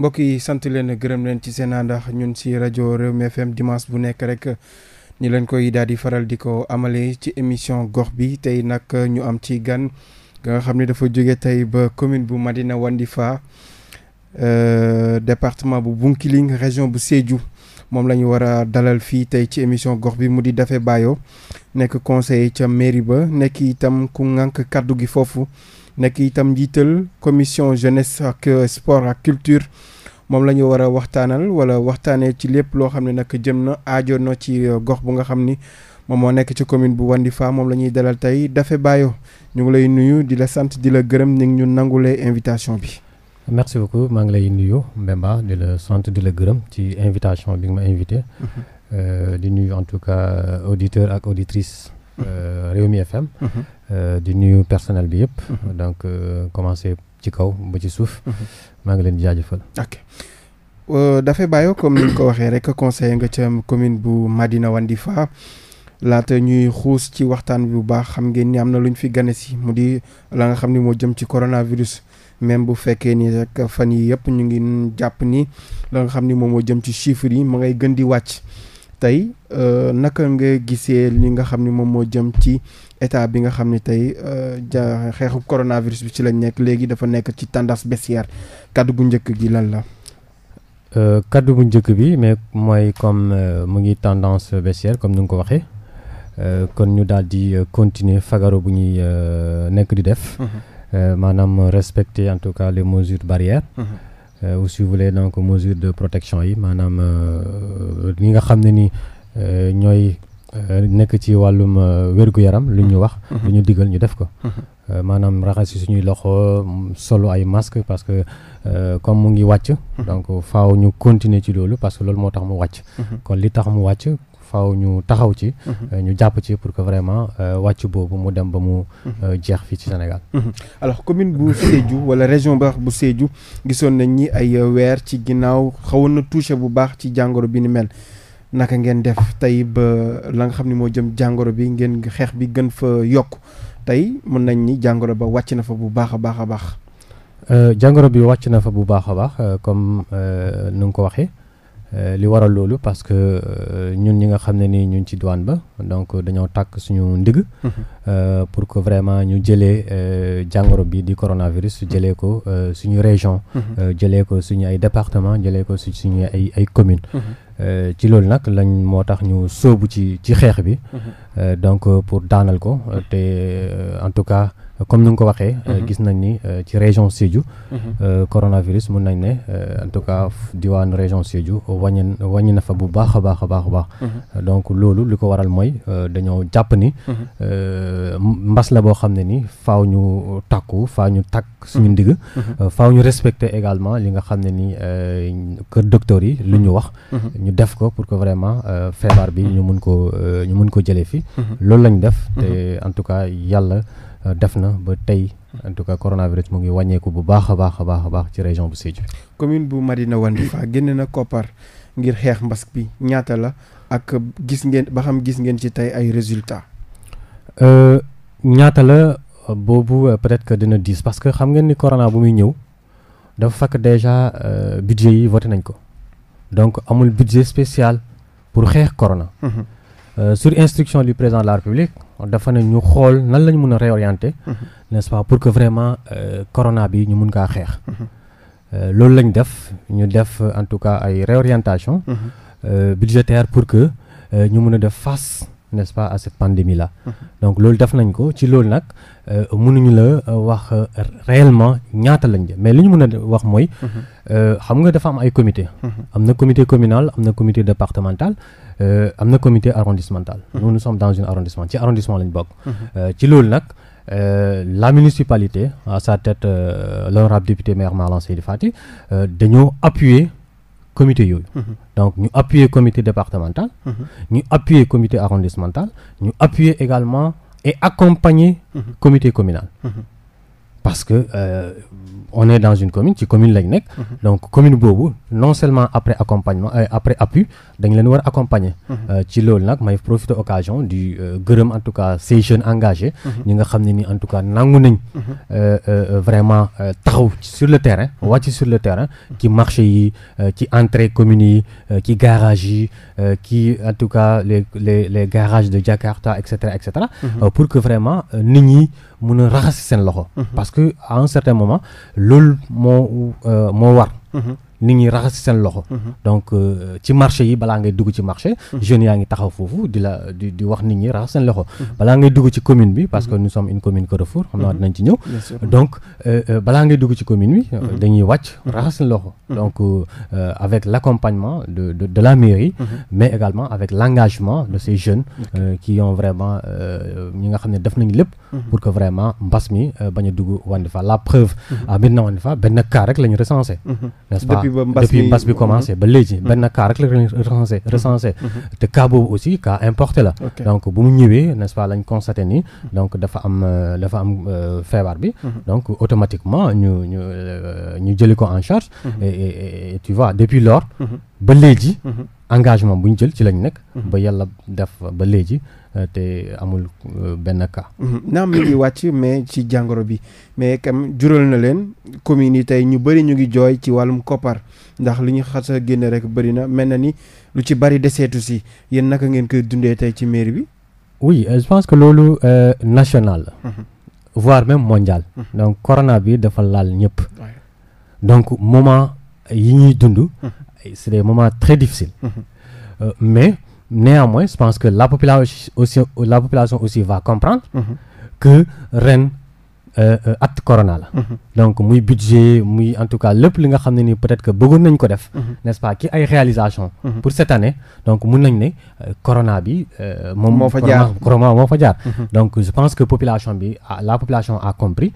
mbokk yi sant leen gërëm leen ci seen andax ñun si rajo Rewmi FM dimanche bu nekk rek ñu leen koy daal di faral di ko amalee ci émission gox bi tey nag ñu am ci gan nga xam ne dafa jóge tey ba commune bu Madina Wandifa euh, département bu Bounkiling région bu Sédhiou moom la ñu war a dalal fii tey ci émission gox bi mu di defee Bayo nekk conseil ca mairie ba nekk itam ku ŋànk kàddu gi foofu. nekk itam njiital commission jeunesse ak euh, sport ak culture moom la ñu war a waxtaanal wala waxtaanee ci lépp loo xam ne nag jëm na aajo na ci euh, gox bu nga xam ni moom moo nekk ci commune bu wandi Wandifa moom la ñuy dalal tey Daffé bàyyo ñu ngi lay nuyu di la sant di la gërëm ni ñu nangulee invitation bi. merci beaucoup maa ngi lay nuyu Mbemba di la sant di la gërëm ci invitation bi nga ma invité. Mhm. Euh, di nuyu en tout cas auditeurs ak auditrice auditrices. Mhm. Rewmi FM. Mhm. Euh, di nuyu personnel bi yëpp. Mhm. donc euh, commencé ci kaw ba ci suuf. Mhm. maa ngi leen di jaajëfal. ok euh, dafay bàyyoo comme ni nga ko waxee rek conseiller nga ca commune bu Madina Wandifa laata ñuy xuus ci waxtaan bi bu baax xam ngeen ni am na lu ñu fi gane si mu di la nga xam ni moo jëm ci coronavirus. même bu fekkee ni fan yi yëpp ñu ngi jàpp ni la xam ni moom moo jëm ci chiffres yi ma ngay gën di wàcc tey naka nga gisee li nga xam ni moom moo jëm ci état bi nga xam ne tey euh, ja xeexu coronavirus bi ci lañ nekk léegi dafa nekk ci tendance baissière kaddu gu njëkk gi lan la. Euh, kaddu bu njëkk bi mais mooy comme euh, mu ngi tendance baissière comme ni nga ko waxee kon ñu daal di continuer fagaro bu ñuy nekk di def. Mhm. maanaam respecter en tout cas les mesures barrières. Mhm. ou si vous voulez donc mesures de protection yi maanaam li nga xam ne ni ñooy. Euh, nekk ci wàllum euh, wérgu yaram lu ñu mmh. wax mmh. lu ñu digal ñu def ko mmh. euh, maanaam raxas suñuy loxo solo ay masque parce que comme mu ngi wàcc donc faw ñu continuer ci loolu parce que loolu moo tax mu wàcc kon li tax mu wàcc faaw ñu taxaw ci ñu jàpp ci pour que vraiment wàcc boobu mu dem ba mu jeex fii ci Sénégal alors commune bu Sédhiou wala région bu baax bu Sédhiou gisoon nañ ñi ay weer ci ginnaaw xawoon na bu baax ci jàngoro bi ni mel naka ngeen def tey ba la nga xam ni moo jëm jàngoro bi ngeen xeex bi gën fa yokk tey mën nañ ni jàngoro ba wàcc na fa bu baax a baax a baax. Euh, jàngoro bi wàcc na fa bu baax a baax euh, comme euh, nu nga ko waxee li waral loolu parce que ñun ñi nga xam ne ni ñun ci douane ba donc dañoo takk suñu ndigg mhm. pour que vraiment ñu jëlee jàngoro bi di coronavirus mhm. jëlee ko suñu région. Mhm. jëlee ko suñu ay département jëlee ko suñu ay ay communes. Euh, ci loolu nag lañ moo tax ñu sóobu ci ci xeex bi mm-hmm. euh, donc euh, pour daanal ko mm-hmm. te en tout cas comme ni nga ko waxee. Mhm. Euh, gis nañ ni euh, ci région Sédhiou. Mhm. Euh, coronavirus mun nañ ne en tout cas diwaanu région Sédhiou waññ wàññi na fa bu baax a baax a baax a baax. Mhm. donc loolu li ko waral mooy dañoo jàpp ni. mbas la boo xam ne ni faw ñu takku faaw ñu takk suñu ndigg. faaw ñu respecter également li nga xam ne ni kër docteur yi lu ñu wax. ñu def ko pour que vraiment feebar bi ñu mun ko ñu mun ko jëlee fi. loolu lañ def te en tout cas yàlla. Euh, def na ba tey en tout cas coronavirus mu ngi wàññeeku bu baax a baax a baax a baax ci région bu Sédhiou. commune bu Madina Wandifa génn na koppar ngir xeex mbas bi ñaata la ak gis ngeen ba xam gis ngeen ci tey ay résultats. Euh, ñaata la boobu euh, peut-être que dina diis parce que xam ngeen ni corona bu muy ñëw dafa fakk déjà budget yi voté nañ ko donc amul budget spécial pour xeex corona. Mhm. sur instruction du président de la République. dafa ne ñu xool nan la ñu mën a réorienter. Mhm. nest pas pour que vraiment euh, corona bi ñu mun kaa xeex. Mhm. Euh, loolu lañ def ñu def euh, en tout cas ay réorientation mhm. budgétaire pour que ñu mun a def face n'est-ce pas à cette pandémie là. donc loolu def nañ ko ci loolu nag mënuñu la wax réellement ñaata lañ def mais li ñu mën a wax mooy. xam nga dafa am ay comité am na comité communal am na comité départemental. Euh, am na comité arrondissemental. nous nous sommes dans une arrondissement ci arrondissement lañ bokk. Euh, ci loolu nag euh, la municipalité à sa tête l'honorable député maire Malang Seydi Fati dañoo appuyer comité yooyu. donc ñu appuyer comité départemental. ñu appuyer comité arrondissemental ñu appuyer également et accompagner. comité communal. parce que on est dans une commune ci commune lañ nekk. Mhm. donc commune boobu non seulement après accompagnement euh, après appui dañ leen war accompagner. Mhm. Euh, ci loolu nag may profiter occasion di euh, gërëm en tout cas ces jeunes mhm. ñi nga xam ne ni en tout cas nangu nañ. vraiment taxaw sur le terrain wàcc sur le terrain ci marché yi ci entrée communes yi ci garage yi ci en tout cas les les les garages de Jakarta et cetera et nit ñi. mun a raxas seen loxo. Mm-hmm. parce que à un certain moment loolu moo euh, moo war. Mm-hmm. nit ñi raxas si seen loxo. Mhm. donc euh, ci marché yi balaa ngay dugg ci marché. Mhm. jeunes yaa ngi taxaw foofu di la di wax nit ñi raxas seen loxo. Mhm. balaa ngay dugg ci commune bi parce que nous sommes une commune Carrefour xam ci ñëw. donc euh, euh, bi. dañuy wàcc raxas seen loxo. donc avec l' accompagnement de de de la mairie. mais également avec l' engagement de ces jeunes. qui ont vraiment ñi nga xam ne def nañ lépp. pour que vraiment mbas mi bañ a dugg Wandifa la preuve. à Médina Wandifa benn cas rek la ñu depuis ba mbas bi mbas bi commencé ba léegi mm-hmm. benn cas rek la recensé mm-hmm. Mm-hmm. te cas boobu aussi cas importé la donc bu mu ñëwee nest pas lañ constaté ni donc dafa am euh, dafa am euh, feebar bi donc automatiquement ñu ñu euh, ñu jëli ko en charge et tu vois depuis lors ba léegi engagement bu ñu jël ci lañ nekk. Mhm. ba yàlla def ba léegi euh, te amul euh, benn cas. Mhm. naam mi ngi wàcc mais ci jàngoro bi mais kam jural na leen communes yi tey ñu bëri ñu ngi jooy ci wàllum koppar ndax li ñu xas génn génne rek bëri na mel na ni lu ci bëri deseetu si yéen naka ngeen koy dundee tey ci mairie bi. oui euh, je que loolu euh, national la. Mhm. voire même mondial. donc corona bi dafa laal ñëpp. donc moment yi ñuy dund. c'est des moments très difficiles. Mhm. Euh, mais néanmoins, je pense que la population aussi, la population aussi va comprendre mhm. que ren euh, euh, corona la. Mhm. donc muy budget muy en tout cas lépp li nga xam ne nii peut-être que bëggoon nañ ko def. n'est-ce pas ki ay réalisation pour cette année donc mun nañ ne euh, corona bi. Euh, moom moo fa jaar corona moo donc je pense que population bi ah, la population a compris.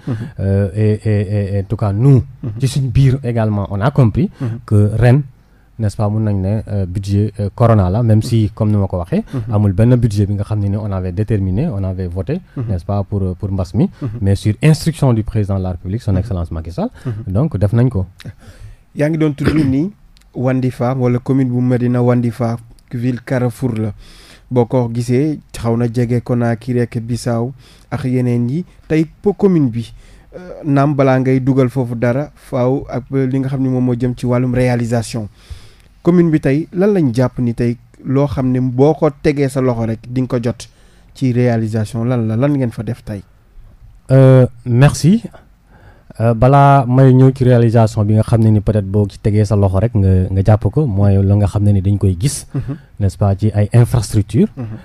et en tout cas nous. ci suñ biir également on a compris. que ren. n'est-ce pas mun nañ ne euh, budget euh, corona la même si comme ni ma ko waxee mhm. amul benn budget bi nga xam ne ne on avait déterminé on avait voté mhm. nest pas pour euh, pour mbas mi mhm. mais sur instruction du président de la République son excellence Macky Sall donc def nañ ko yaa ngi doon tudd nii Wandifa wala commune bu Medina Wandifa ville Carrefour la boo ko gisee xaw na jege Conakry ak Bissau ak yeneen yi tey po commune bi naam balaa ngay dugal foofu dara faaw ak li nga xam ne moom moo jëm ci wàllum réalisation commune bi tey lan lañ jàpp ni tey loo xam ne boo ko tegee sa loxo rek di nga ko jot ci réalisation lan la lan ngeen fa def tey. Euh, merci euh, balaa may ñëw ci réalisation bi nga xam ne ni peut-être boo ci tegee sa loxo rek nga nga jàpp ko mooy la nga xam ne ni dañ koy gis. Mhm. nest pas ci ay infrastructures. Mhm.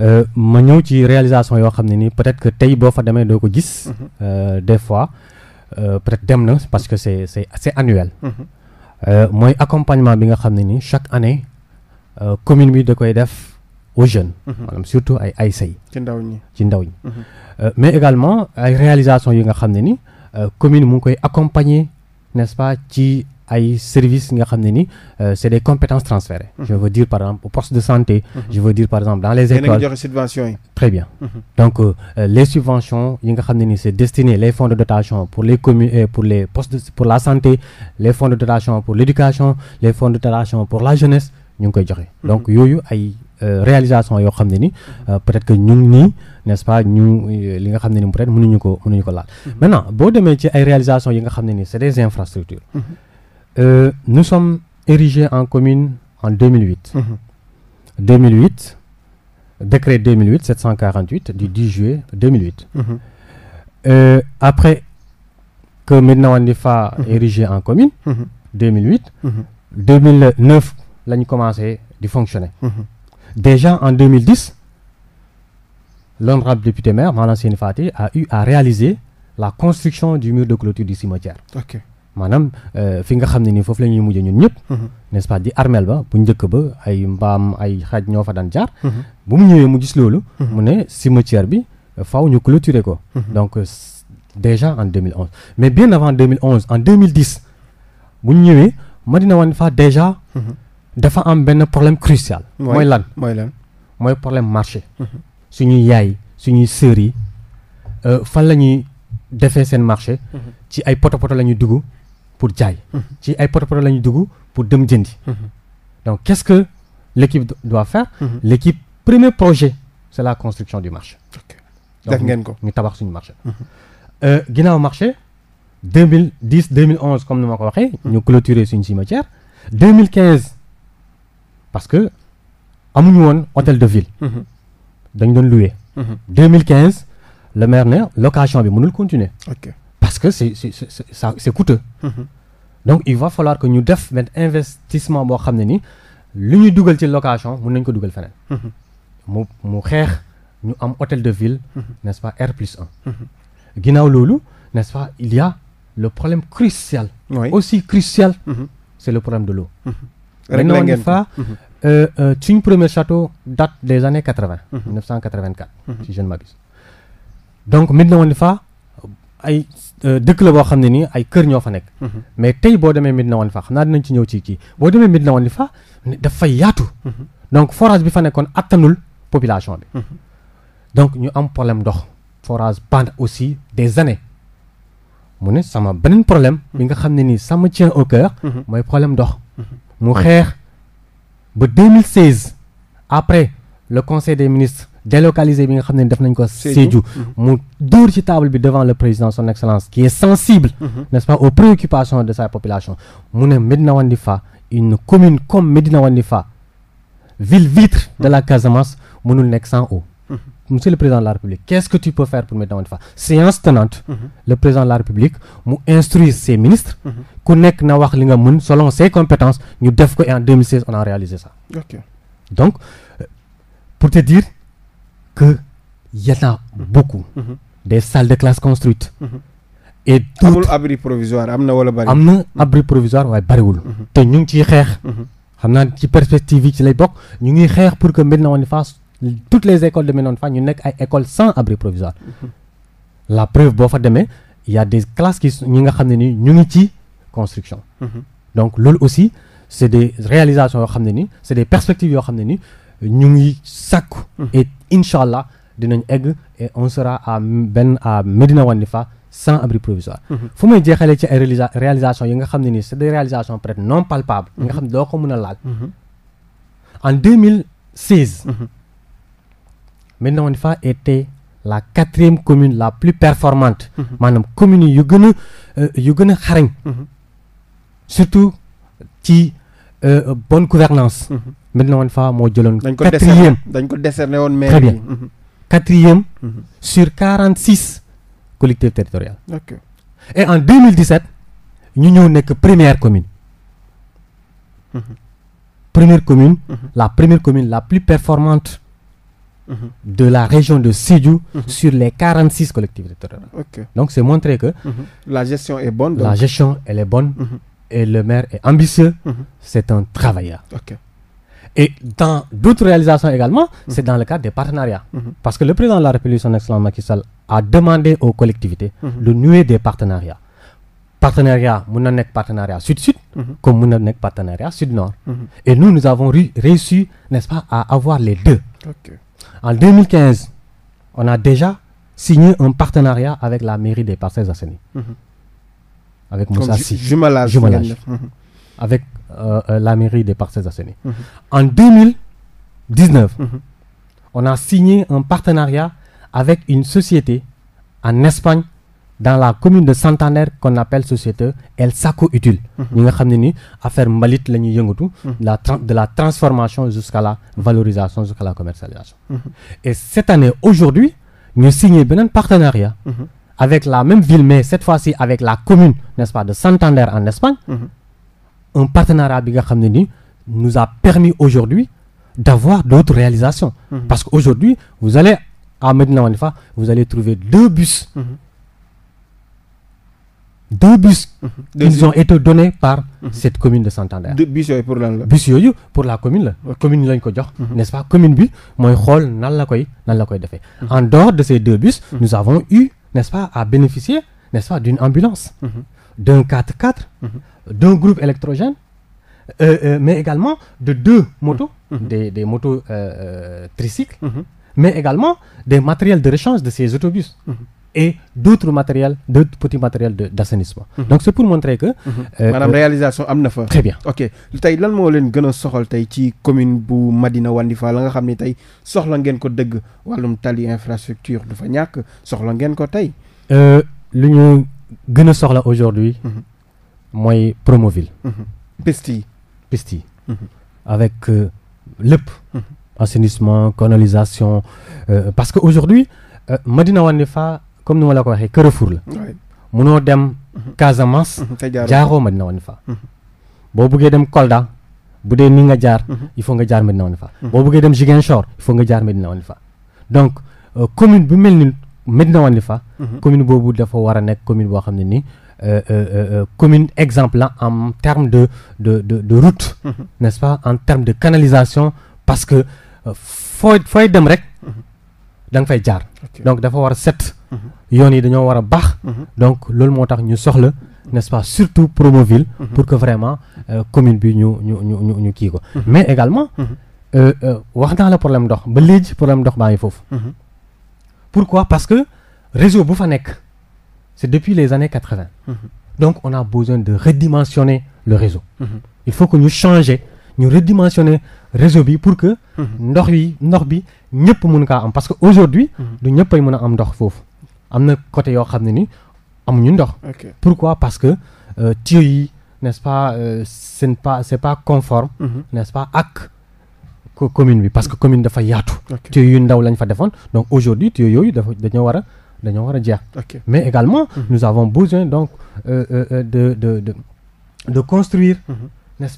Euh, ma ñëw ci réalisation yoo xam ne ni peut-être que tey boo fa demee doo ko gis. Mhm. des fois peut-être dem na parce que c'est c'est c'est annuel. Euh, mooy accompagnement bi nga xam ne ni chaque année euh, commune bi da koy def aux jeunes. Mhm. maanaam surtout ay ay say. ci ndaw ñi ci ndaw ñi. Mhm. Euh, mais également ay réalisations yi nga xam ne ni commune mu ngi koy accompagner nest pas ci. ay services nga xam ne ni euh, c' est des compétences transférées. Mhm. je veux dire par exemple au de santé. Mhm. je veux dire par exemple dans les écoles joxe mhm. euh, euh, yi. nga xam ne ni c' est destiné les fonds de dotation pour les communes et pour les postes la santé les fonds de dotation pour l' éducation les fonds de dotation pour la jeunesse ñu ngi koy joxe. donc yooyu ay. réalisation yoo xam ne ni peut-être que ñu ngi nii n'est-ce pas ñu li nga xam ne ni peut-être ñu ko mënuñu ko laal maintenant boo demee ci ay réalisation yi nga xam ne ni c'est des infrastructures Euh, nous sommes érigés en commune en 2008. Mmh. 2008, décret 2008, 748, du 10 juillet 2008. Mmh. Euh, après que maintenant on fa mmh. érigé en commune, 2008, 2009, l'année commencé de fonctionner. Mm-hmm. Déjà en 2010, l'honorable député maire, Malan Fati, a eu à réaliser la construction du mur de clôture du cimetière. maanaam euh, fi nga xam ne nii foofu la ñuy mujjee ñun ñëpp. Mhm. n'est-ce pas di armel ba bu njëkk ba ay mbaam ay xaj ñoo fa daan jaar. Mhm. bu mu ñëwee mu gis loolu. Mhm. mu ne cimetière bi euh, faaw ñu clôturer ko. donc euh, déjà en 2011 mais bien avant 2011 en 2010 bu ñu ñëwee Madina Wanfa déjà. dafa am benn problème crucial. mooy lan mooy lan mooy problème marché. suñuy yaay suñuy sœurs yi fan la ñuy defee seen marché. ci ay poto poto la ñuy dugg. pour jaay. ci ay porte-parole la ñu dugg pour dem jëndi. donc qu'est-ce que l'équipe doit faire. l'équipe premier projet c'est la construction du marché. def ngeen ko ñu tabax suñu marché. Euh, ginnaaw marché deux mille dix deux mille onze comme ni ma ko waxee. ñu clôturer suñu cimetière. deux mille quinze parce que amuñu woon hôtel de ville. dañ doon louer. le maire ne location bi mënul continuer. que c'est c'est c'est coûteux. Mm-hmm. donc il va falloir que ñu def benn investissement boo xam ne ni li ñu dugal ci location mun nañ ko dugal feneen. Mm-hmm. mu mu xeex ñu am hôtel de ville. Mm-hmm. n'est-ce pas R plus 1. ginnaaw loolu n'est-ce pas il y a le problème crucial. Oui. aussi crucial. c'est le problème de l'eau rek la ngeen fa euh, euh, suñ premier château date des années quatre vingt. mille neuf cent quatre ay euh, dëkk la boo xam ne nii ay kër ñoo fa nekk. Mm-hmm. mais tey boo demee Medina Wanfa xam naa dinañ ci ñëw ci kii boo demee Medina Wanfa dafa yaatu. Mm-hmm. donc forage bi fa nekkoon attanul population bi. Mm-hmm. donc ñu am problème ndox forage bande aussi des années mu ne sama beneen problème. bi nga xam ne nii sama tient au cœur. mooy problème ndox. mu xeex ba 2016 après le conseil des ministres. délocalisé bi nga xam ne def nañ ko Sédhiou mm-hmm. mu dóor ci table bi devant le président son excellence qui est sensible mm-hmm. n'est-ce pas aux préoccupations de sa population mu ne Médina Wandifa une commune comme Médina Wandifa ville vitre de la mm-hmm. Casamance mënul nekk sans eau monsieur le président de la république qu'est-ce que tu peux faire pour Médina Wandifa séance tenante le président de la république mu instruire ses ministres ku nekk na wax li nga mën selon ses compétences ñu def ko en 2016 on a réalisé donc euh, pour te que il y en a beaucoup. Mm-hmm. Mm-hmm. des salles de classe construites. Mm-hmm. am na wala bari. am na abri provisoire waaye bariwul. te ñu ngi ciy xeex. xam naa ci perspective yi ci lay bokk ñu ngi xeex pour que Médina Wandifa toutes les écoles de Médina Wandifa ñu nekk ay écoles sans abri provisoire. la preuve boo fa demee y de des classes ñi nga xam ne ni ñu ngi ci construction. donc loolu aussi c' est des réalisations yoo xam ne ni c' est des yoo xam ne ni ñu ngi sàkku. et incha allah dinañ egg et on sera à benn à Medina Wandifa sans abri provisoire. Mhm. fu may jeexalee ci ay réalisation yi nga xam ne nii c'est des réalisations peut non palpables. Mhm. nga xam doo ko mën a laal. Mhm. en 2016. Medina Wandifa était la quatrième commune la plus performante. maanaam commune yu gën euh, yu gën a xarañ. surtout ci euh, bonne gouvernance Médina Wane Fawa moo jëloon. quatrième dañ ko décerné woon maire très bien mhm. quatrième. Mhm. sur quarante six collectivités territoriales. ok et en 2017 ñu ñëw nekk première commune. Mhm. première commune. la première commune la plus performante. de la région de Sédhiou. sur les quarante six collectivités territoriales. ok donc c'est montré que. la gestion est bonne. la gestion elle est bonne. et le maire est ambitieux. c'est un travailleur. Et dans d'autres réalisations également, mmh. c'est dans le cadre des partenariats. Mm-hmm. Parce que le président de la République, excellent Macky a demandé aux collectivités mm-hmm. de nouer des partenariats. Partenariat, mun na nekk partenariat sud-sud, mm-hmm. comme mun na nekk partenariat sud-nord. Et nous, nous avons réussi, n'est-ce pas, à avoir les deux. En on a déjà signé un partenariat avec la mairie des Parcelles Assainies. Avec Moussa Sy. avec euh, euh, la mairie des Parcelles Assainies. Mhm. En 2019, mhm. on a signé un partenariat avec une société en Espagne dans la commune de Santander qu'on appelle société El Saco Utile. Mhm. ñi nga xam ne ni affaire mbalit la ñuy yëngatu. la de la transformation jusqu'à la valorisation jusqu'à la commercialisation. et cette année aujourd'hui ñu signé beneen partenariat. Mm avec la même ville mais cette fois-ci avec la commune n'est-ce pas de Santander en Espagne. un partenariat bi nga xam ne ni nous a permis aujourd'hui d'avoir d'autres réalisations mmh. parce qu'aujourd'hui vous allez à Medina Wandifa vous allez trouver deux bus mmh. deux bus mmh. deux ils ont été donnés par mm-hmm. cette commune de Santander bus yooyu pour la bus yooyu pour la commune la okay. commune lañ ko jox mm-hmm. n'est-ce pas commune bi mooy xool nan la koy nan la koy defee mm-hmm. en dehors de ces deux bus nous avons eu n'est-ce pas à bénéficier n'est-ce pas d'une ambulance d'un 4 x d'un groupe électrogène, euh, euh, mais également de deux moto mmh. mmh. des, des, motos euh, euh, tricycles, mmh. mais également des matériels de rechange de ces autobus. Mmh et d'autres matériels, d'autres petits matériels d'assainissement. Mm -hmm. Donc c'est pour montrer que. Mmh. Euh, maanaam réalisation am na fa. très bien tey lan moo leen gën a soxal tey ci commune bu Madina Wandifa la nga xam ni tey soxla ngeen ko dëgg wàllum tali infrastructure du fa ñàkk soxla ngeen ko tey. lu ñu gën a soxla aujourd'hui mmh. mooy Promoville. Mhm. piste yi mhm. avec euh, lépp. Mhm. assainissement canalisation euh, parce que aujourd'hui euh, Madina fa comme ni ma la ko waxee Carrefour la. munoo dem Casamance. jaaroo Madina fa boo buggee dem Kolda bu dee ni nga jaar. il faut nga jaar Madina fa boo buggee dem Ziguinchor il faut nga jaar Madina Wandifa donc commune bu mel ni Madina fa commune boobu dafa war a nekk commune boo xam ne nii. Euh, euh, euh, commune exemple là en terme de, de, de, de route, mm -hmm. n'est-ce pas, en termes de canalisation, parce que fooy fooy dem rek mhm. danga fay jaar. donc dafa war a set. Mhm. yoon yi dañoo war a baax. Mhm. donc loolu moo tax ñu soxla. n'est-ce pas surtout Promoville. pour que vraiment commune bi ñu ñu ñu ñu kii ko. mais également. wax naa la problème ndox ba léegi problème ndox baa ngi foofu. pourquoi parce que réseau bu fa nekk. c'est depuis les années 80. Mm-hmm. Donc on a besoin de redimensionner le réseau. Mmh. Il faut que ñu changer ñu redimensionner réseau bi pour que. Mm-hmm. ndox yi ndox bi ñëpp mun kaa am parce que aujourd'hui mm-hmm. du ñëpp ay mën a am ndox foofu. am na côté yoo xam ne ni ñu ndox. pourquoi parce que euh, tuyaux yi n'est-ce pas euh, c'est pas c'est pas conforme. nest pas ak commune bi parce que commune dafa yaatu. tuyaux yu ndaw lañ fa defoon donc aujourd'hui tuyaux yooyu dafa dañoo war dañoo war a jeex. mais également. Mm -hmm. nous avons besoin donc euh, euh, euh, de de de de construire. Mm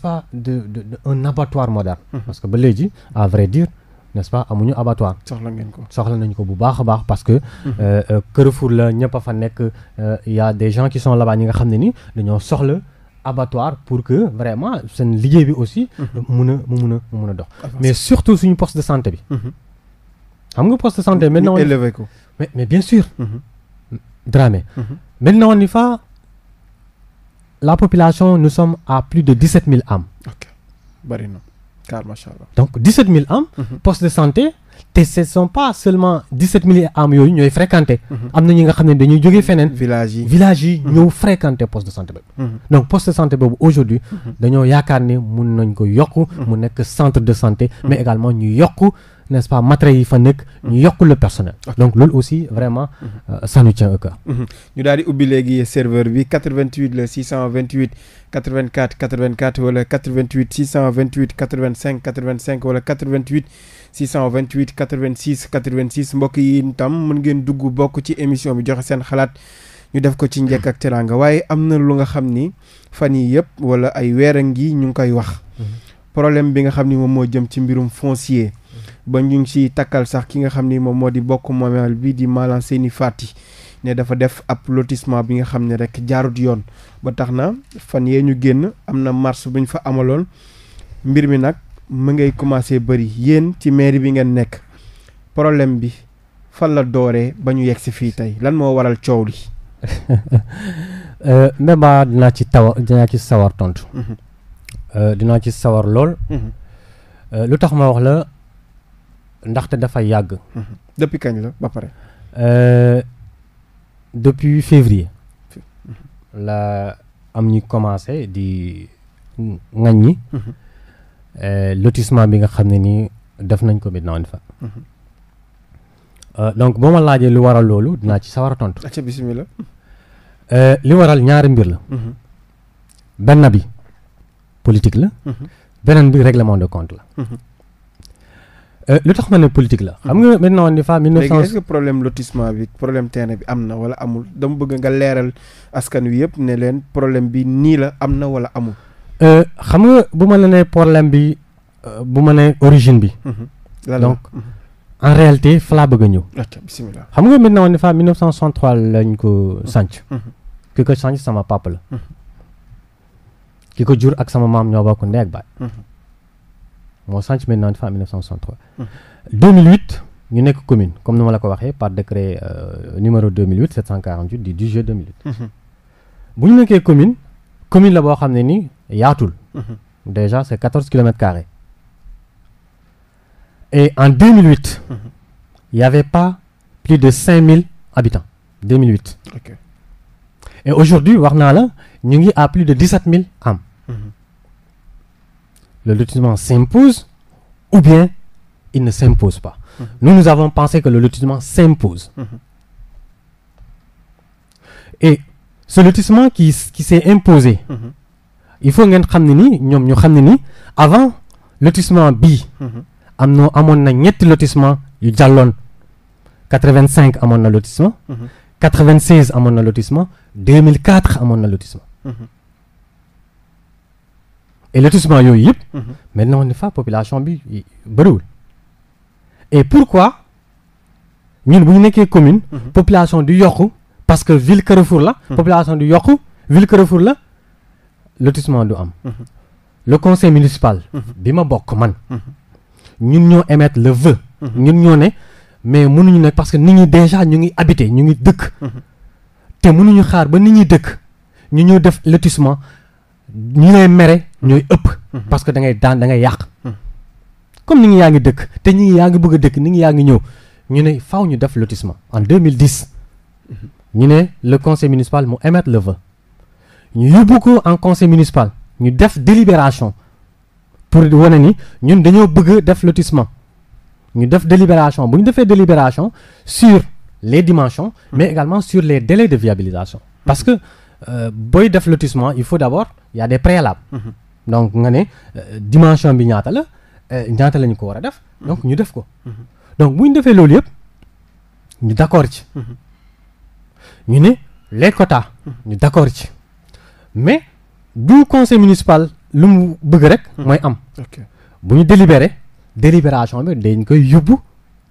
pas de, de de un abattoir moderne. Mhm. parce que ba léegi à vrai dire. nest pas amuñu abattoir. soxla ngeen ko soxla nañu ko bu baax a baax parce que. Carrefour mhm. la ñëpp a fa nekk y a des gens qui sont là ñi nga xam ne ni dañoo soxla abattoir pour que vraiment seen liggéey bi aussi. Mhm. mun a mu mun a mu mun a dox. mais surtout suñu poste de santé bi. xam nga poste de santé maintenant élevé ko. mais mais bien sûr. Mm-hmm. Dramé. Mm-hmm. maintenant Nifa la population nous sommes à plus de 17 000 âmes. ok bari na car macha allah. poste de santé. te ce sont pas seulement 17 000 âmes yooyu ñooy fréquenté. Mhm. am na ñi nga xam ne dañuy jógee feneen. village yi village yi mhm. ñëw fréquenté poste de santé boobu. Mhm. donc poste de santé boobu aujourd'hui dañoo yaakaar ne mun nañ ko yokk. mu nekk centre de santé. mais également ñu yokk nest yi fa nekk. ñu yokk le personnel. donc loolu aussi vraiment euh, ça nous tient au cœur. ñu daal di ubbi léegi serveur bi 88 le 628 84 84 wala 88 628 85 628 86 86 mbokk yi tam mën ngeen dugg bokk ci émission bi joxe seen xalaat ñu def ko ci njekk ak teraanga waaye am na lu nga xam ni fan yii yëpp wala ay weer a ngi ñu ngi koy wax problème bi nga xam ni moom moo jëm ci mbirum foncier ba ñu ngi ciy takkal sax ki nga xam ni moom moo di bokk moomeel bi di Malang Seyni Fati ne dafa def ab lotissement bi nga xam ne rek jaarut yoon ba tax na fan yee ñu génn am na marche bu ñu fa amaloon mbir mi nag mu ngay commencé bëri yéen ci mairie bi ngeen nekk problème bi fan la dooree ba ñu yegg si fii tey lan moo waral coow li. Euh, Mbemba dinaa ci taw dinaa ci sawar tontu. Mhm. Euh, dinaa ci sawar lool. Mhm. Euh, lu tax ma wax la ndaxte dafa yàgg. Mhm. depuis kañ la ba pare. depuis février. la am ñu commencé di ñi Euh, lotissement bi nga xam ne nii def nañ ko Médina Wanfa mhm. euh, donc boo ma laajee lu waral loolu dinaa ci sawar a tontu. Euh, li waral ñaari mbir la. Mhm. benn bi politique la. Mhm. beneen bi règlement de compte la. lu tax ma ne politique la. xam nga maintenant ni fa 1900 léegi est-ce problème lotissement bi problème terrain bi am na wala amul dama bëgg nga leeral askan wi yëpp ne leen problème bi nii la am na wala amul. Euh, xam nga bu ma la nee problème bi euh, bu ma nee origine bi. Mhm. donc mhm. en réalité fa laa bëgg a ñëw. bismillah xam nga maintenant on est fa 1963 lañ ko mhm. sànc. ki ko sànc sama papa la. ki ko jur ak sama maam ñoo bokk ndey ak baay. moo sànc maintenant on est fa 1963. 2008 ñu nekk commune comme ni ma la ko waxee par décret euh, numéro 2008 748 du 10 juillet 2008. bu ñu nekkee commune commune la boo xam ne nii. yaatul. Mhm. déjà c' est quatorze kilomètres carrés. et en 2008. Mhm. il y avait pas plus de cinq mille habitants 2008. ok et aujourd'hui wax la ñu ngi plus de dix sept mille âmes. Mhm. le lotissement s'impose ou bien il ne s'impose pas. Nous, nous avons pensé que le lotissement s'impose. Et ce lotissement qui, s'est imposé, il faut ngeen xam ne ni ñoom ñu xam ne ni avant lotissement bii. Mm-hmm. am na amoon na ñetti lotissement yu jàlloon 85 amoon na lotissement. 96 mm-hmm. amoon na lotissement 2004 amoon na lotissement. Mm-hmm. et lotissement yooyu yëpp. maintenant fa population bi bëriwul. et pourquoi ñun bu ñu nekkee commune. population du yokku parce que ville Carrefour la. population du yokku ville Carrefour la. lotissement du am mhm. le conseil municipal mhm. bi ma bokk man mhm. ñun ñoo émettre le vœu ñun ñoo ne mais mënuñu ne parce que nit ñi déjà ñu ngi habité ñu ngi dëkk te mënuñu xaar ba nit ñi dëkk ñu ñëw def lotissement ñu lay mere ñooy ëpp parce que da ngay daan da yàq comme ni ngi yaa ngi dëkk te ñi yaa ngi bëgg a dëkk ni ngi yaa ngi ñëw ñu ne faw ñu def lotissement en 2010 ñu ne le conseil municipal mu émettre le vœu ñu yóbbu ko en conseil municipal ñu def délibération pour wane ni ñun dañoo bëgg def lotissement ñu def délibération bu ñu defee délibération sur les dimensions mais également sur les délais de viabilisation parce que euh, booy def lotissement il faut d'abord il y a des donc nga ne euh, dimension bi ñaata la euh, ñaata la ko war a def donc ñu def ko donc bu ñu defee loolu yëpp ñu d'accord ci ñu ne les quotas ñu d'accord ci mais du conseil municipal lu mu bëgg rek. Hmm. mooy am. bu ñu délibéré délibération bi dañ koy yóbbu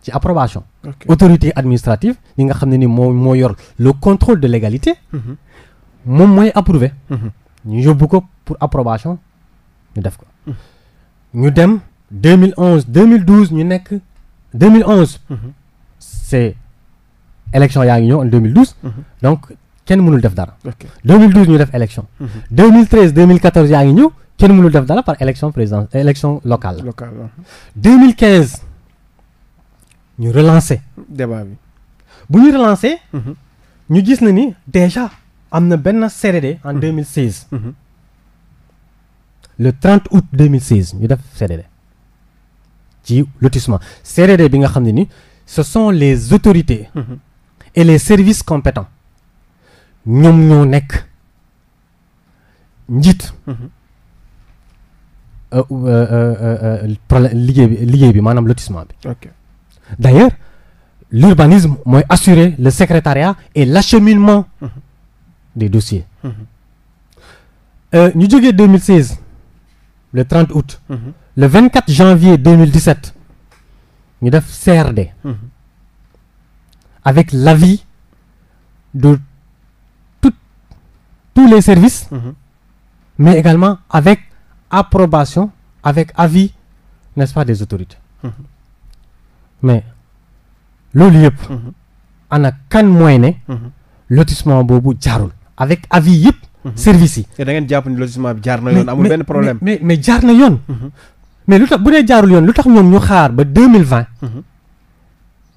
ci approbation. autorité administrative yi nga xam ne ni moo moo yor le contrôle de légalité. moom mooy approuvé. ñu yóbbu ko pour approbation ñu def ko. Hmm. ñu dem 2011 2012 ñu nekk 2011. c' est élection yaa ngi ñëw en donc kenn mënul def dara. ok 2012 ñu def élection. 2013 mhm. 2014 yaa ngi ñëw kenn mënul def dara par élection président élection locale la. locale la 2015 ñu relancer. débat bi bu ñu relancer. Mhm. ñu gis na ni déjà am na benn CRD en 2016. Mhm. le 30 août 2016 ñu def CRD ci lotissement CRD bi nga xam ne ni ce sont les autorités. et les services compétents. ñoom ñoo nekk njiit. Mhm. Euh, euh, euh, problème liggéey bi maanaam lotissement bi. ok d' l'urbanisme mooy assurer le secrétariat et l'acheminement mmh. des dossiers. Mhm. ñu jógee 2016 le 30 août. Mhm. le 24 janvier 2017 ñu def CRD. Mmh. avec l'avis de tous les services, mhm. mais également avec approbation, avec avis, n'est-ce pas, des autorités. Mhm. Mais loolu yëpp. Mhm. ana kan mooy ne. lotissement boobu jaarul. avec avis yëpp. services yi. te da ngeen jàpp ni lotissement bi jaar na yoon. amul benn problème mais jaar na yoon. mais lu tax bu dee jaarul yoon lu tax ñoom ñu xaar ba deux mille vingt.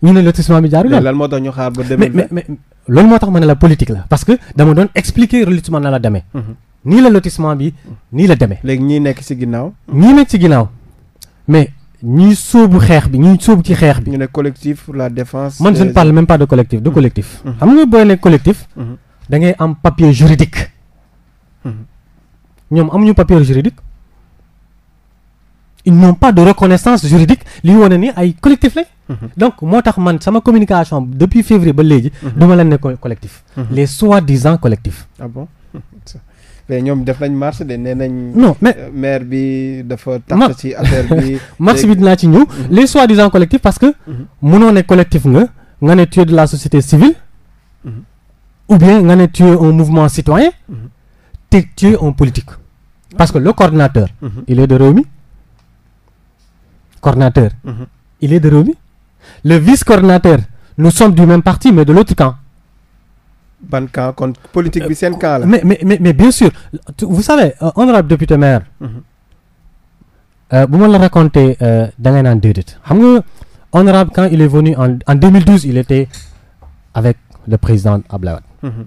ñu ne lotissement bi jaarul yoon. lan moo tax ñu xaar ba deux mais loolu moo tax ma ne la politique la parce que dama doon expliquer lotissement na la deme mhm. nii la lotissement bi nii la demee. léegi ñii nekk ci ginnaaw. ñii nekk ci ginnaaw mais ñii sóobu xeex bi ñii sóobu ci xeex bi. ñu ne collectif pour la défense. man je ne parle même pas de collectif de mhm. collectif. Mhm. xam nga booy nekk collectif. da ngay am papier juridique. ñoom amuñu papier juridique. ils n'ont pas de reconnaissance juridique li ñu wane ni ay collectif lañ. Mhm. donc moo tax man sama communication depuis février ba léegi. Mhm. du ma leen collectif. Mhm. les soi-disant collectifs. ah bon mais ñoom def nañ marche de nee nañ. non mais euh, maire bi dafa. tax ci affaire bi. marche bi dinaa ci ñëw. les soi-disant collectifs parce que. mënoo ne collectif nga nga ne tu es de la société civile. ou bien nga ne tu es un mouvement citoyen. te tu es un politique. Ah. parce que le coordinateur. il est de Rewmi. coordinateur. il est de Rewmi. le vice-coordinateur nous sommes du même parti mais de l'autre camp. ban camp kon politique bi seen la. mais mais mais bien sûr vous savez euh, honorable député maire. Mhm. Euh, bu ma la raconté euh, da ngay naan déedéet xam nga honorable quand il est venu en en 2012 il était avec le président Abdoulaye Wade. Mhm.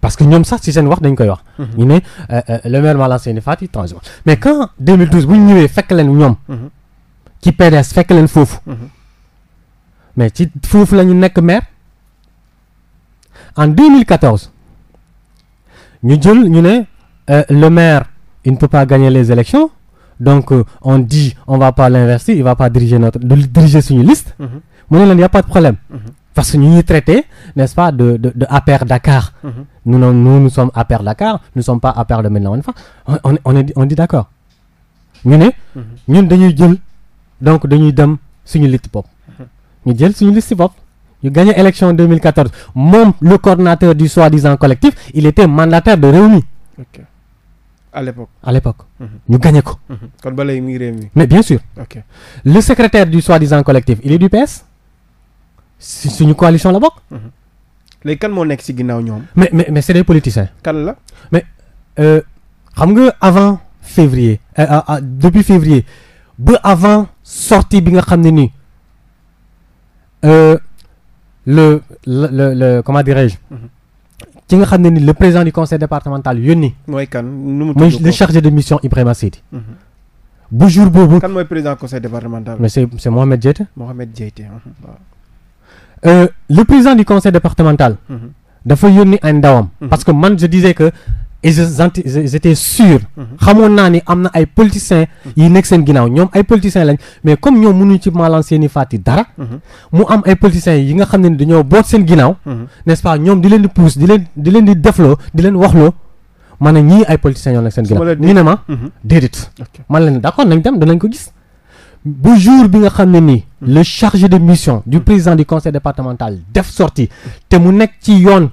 parce que ñoom sax si seen wax dañ koy wax. Mhm. ñu ne le maire Malang Seyni Fati transhumant mais quand 2012 bu ñu ñëwee fekk leen ñoom. ci PDS fekk leen foofu. mais ci foofu la ñu nekk maire en ñu jël ñu ne euh, le maire il ne peut pas gagner les élections donc euh, on dit on va pas l'investir il va pas diriger notre diriger suñu liste mhm. mu ne leen y a pas de problème mhm. parce que ñu ñuy traité n'est-ce pas de de de APR Dakar mm -hmm. nous non nous nous sommes APR sommes pas APR de Médina Wane Fall on est dit d'accord ñu ne mhm. ñun dañuy jël donc dañuy dem suñu liste bopp ñu jël suñu liste bopp ñu gagné élection 2014 moom le coordonnateur du soi-disant collectif il était mandataire de Rewmi. ok à l'époque à l'époque mhm. ñu gagné ko. Mhm. ba léegi mi ngi mais bien sûr. le secrétaire du soi-disant collectif il est du PS. si suñu coalition la bokk. Mhm. léegi kan moo nekk ci ginnaaw ñoom. mais mais mais c'est des politiciens. kan la mais euh, xam nga avant février euh, euh, depuis février ba avant sortie bi nga xam ne nii. Euh, le le le le comment dirais-je. ci mm-hmm. nga xam ne ni le président du conseil départemental yónni. mooy kan nu mu tudd le chargé de mission Ibrahima mm-hmm. bu jour boobu. kan mooy président conseil départemental. mais c'est c'est Mohamed mm-hmm. euh, le président du conseil départemental. dafa yónni ay ndawam. parce que man je disais que et je j'étais sûr xamoon naa ni am na ay politiciens yi nekk seen ginnaaw ñoom ay politiciens lañ mais comme ñoom ñu ci maalaan seeni i fàtti dara mhm. mu am ay politiciens yi nga xam ne dañoo boot seen ginnaaw mhm. n'est-ce pas ñoom di leen di pousse di leen di leen di defloo di leen waxloo man a ñii ay politiciens ñoo nekk seen ginnaaw ñu ne ma mhm. déedéet man leen d'accord nañ dem danañ ko gis bu jour bi nga xam ne nii le chargé de mission du président du conseil départemental def sorti te mu nekk ci yoon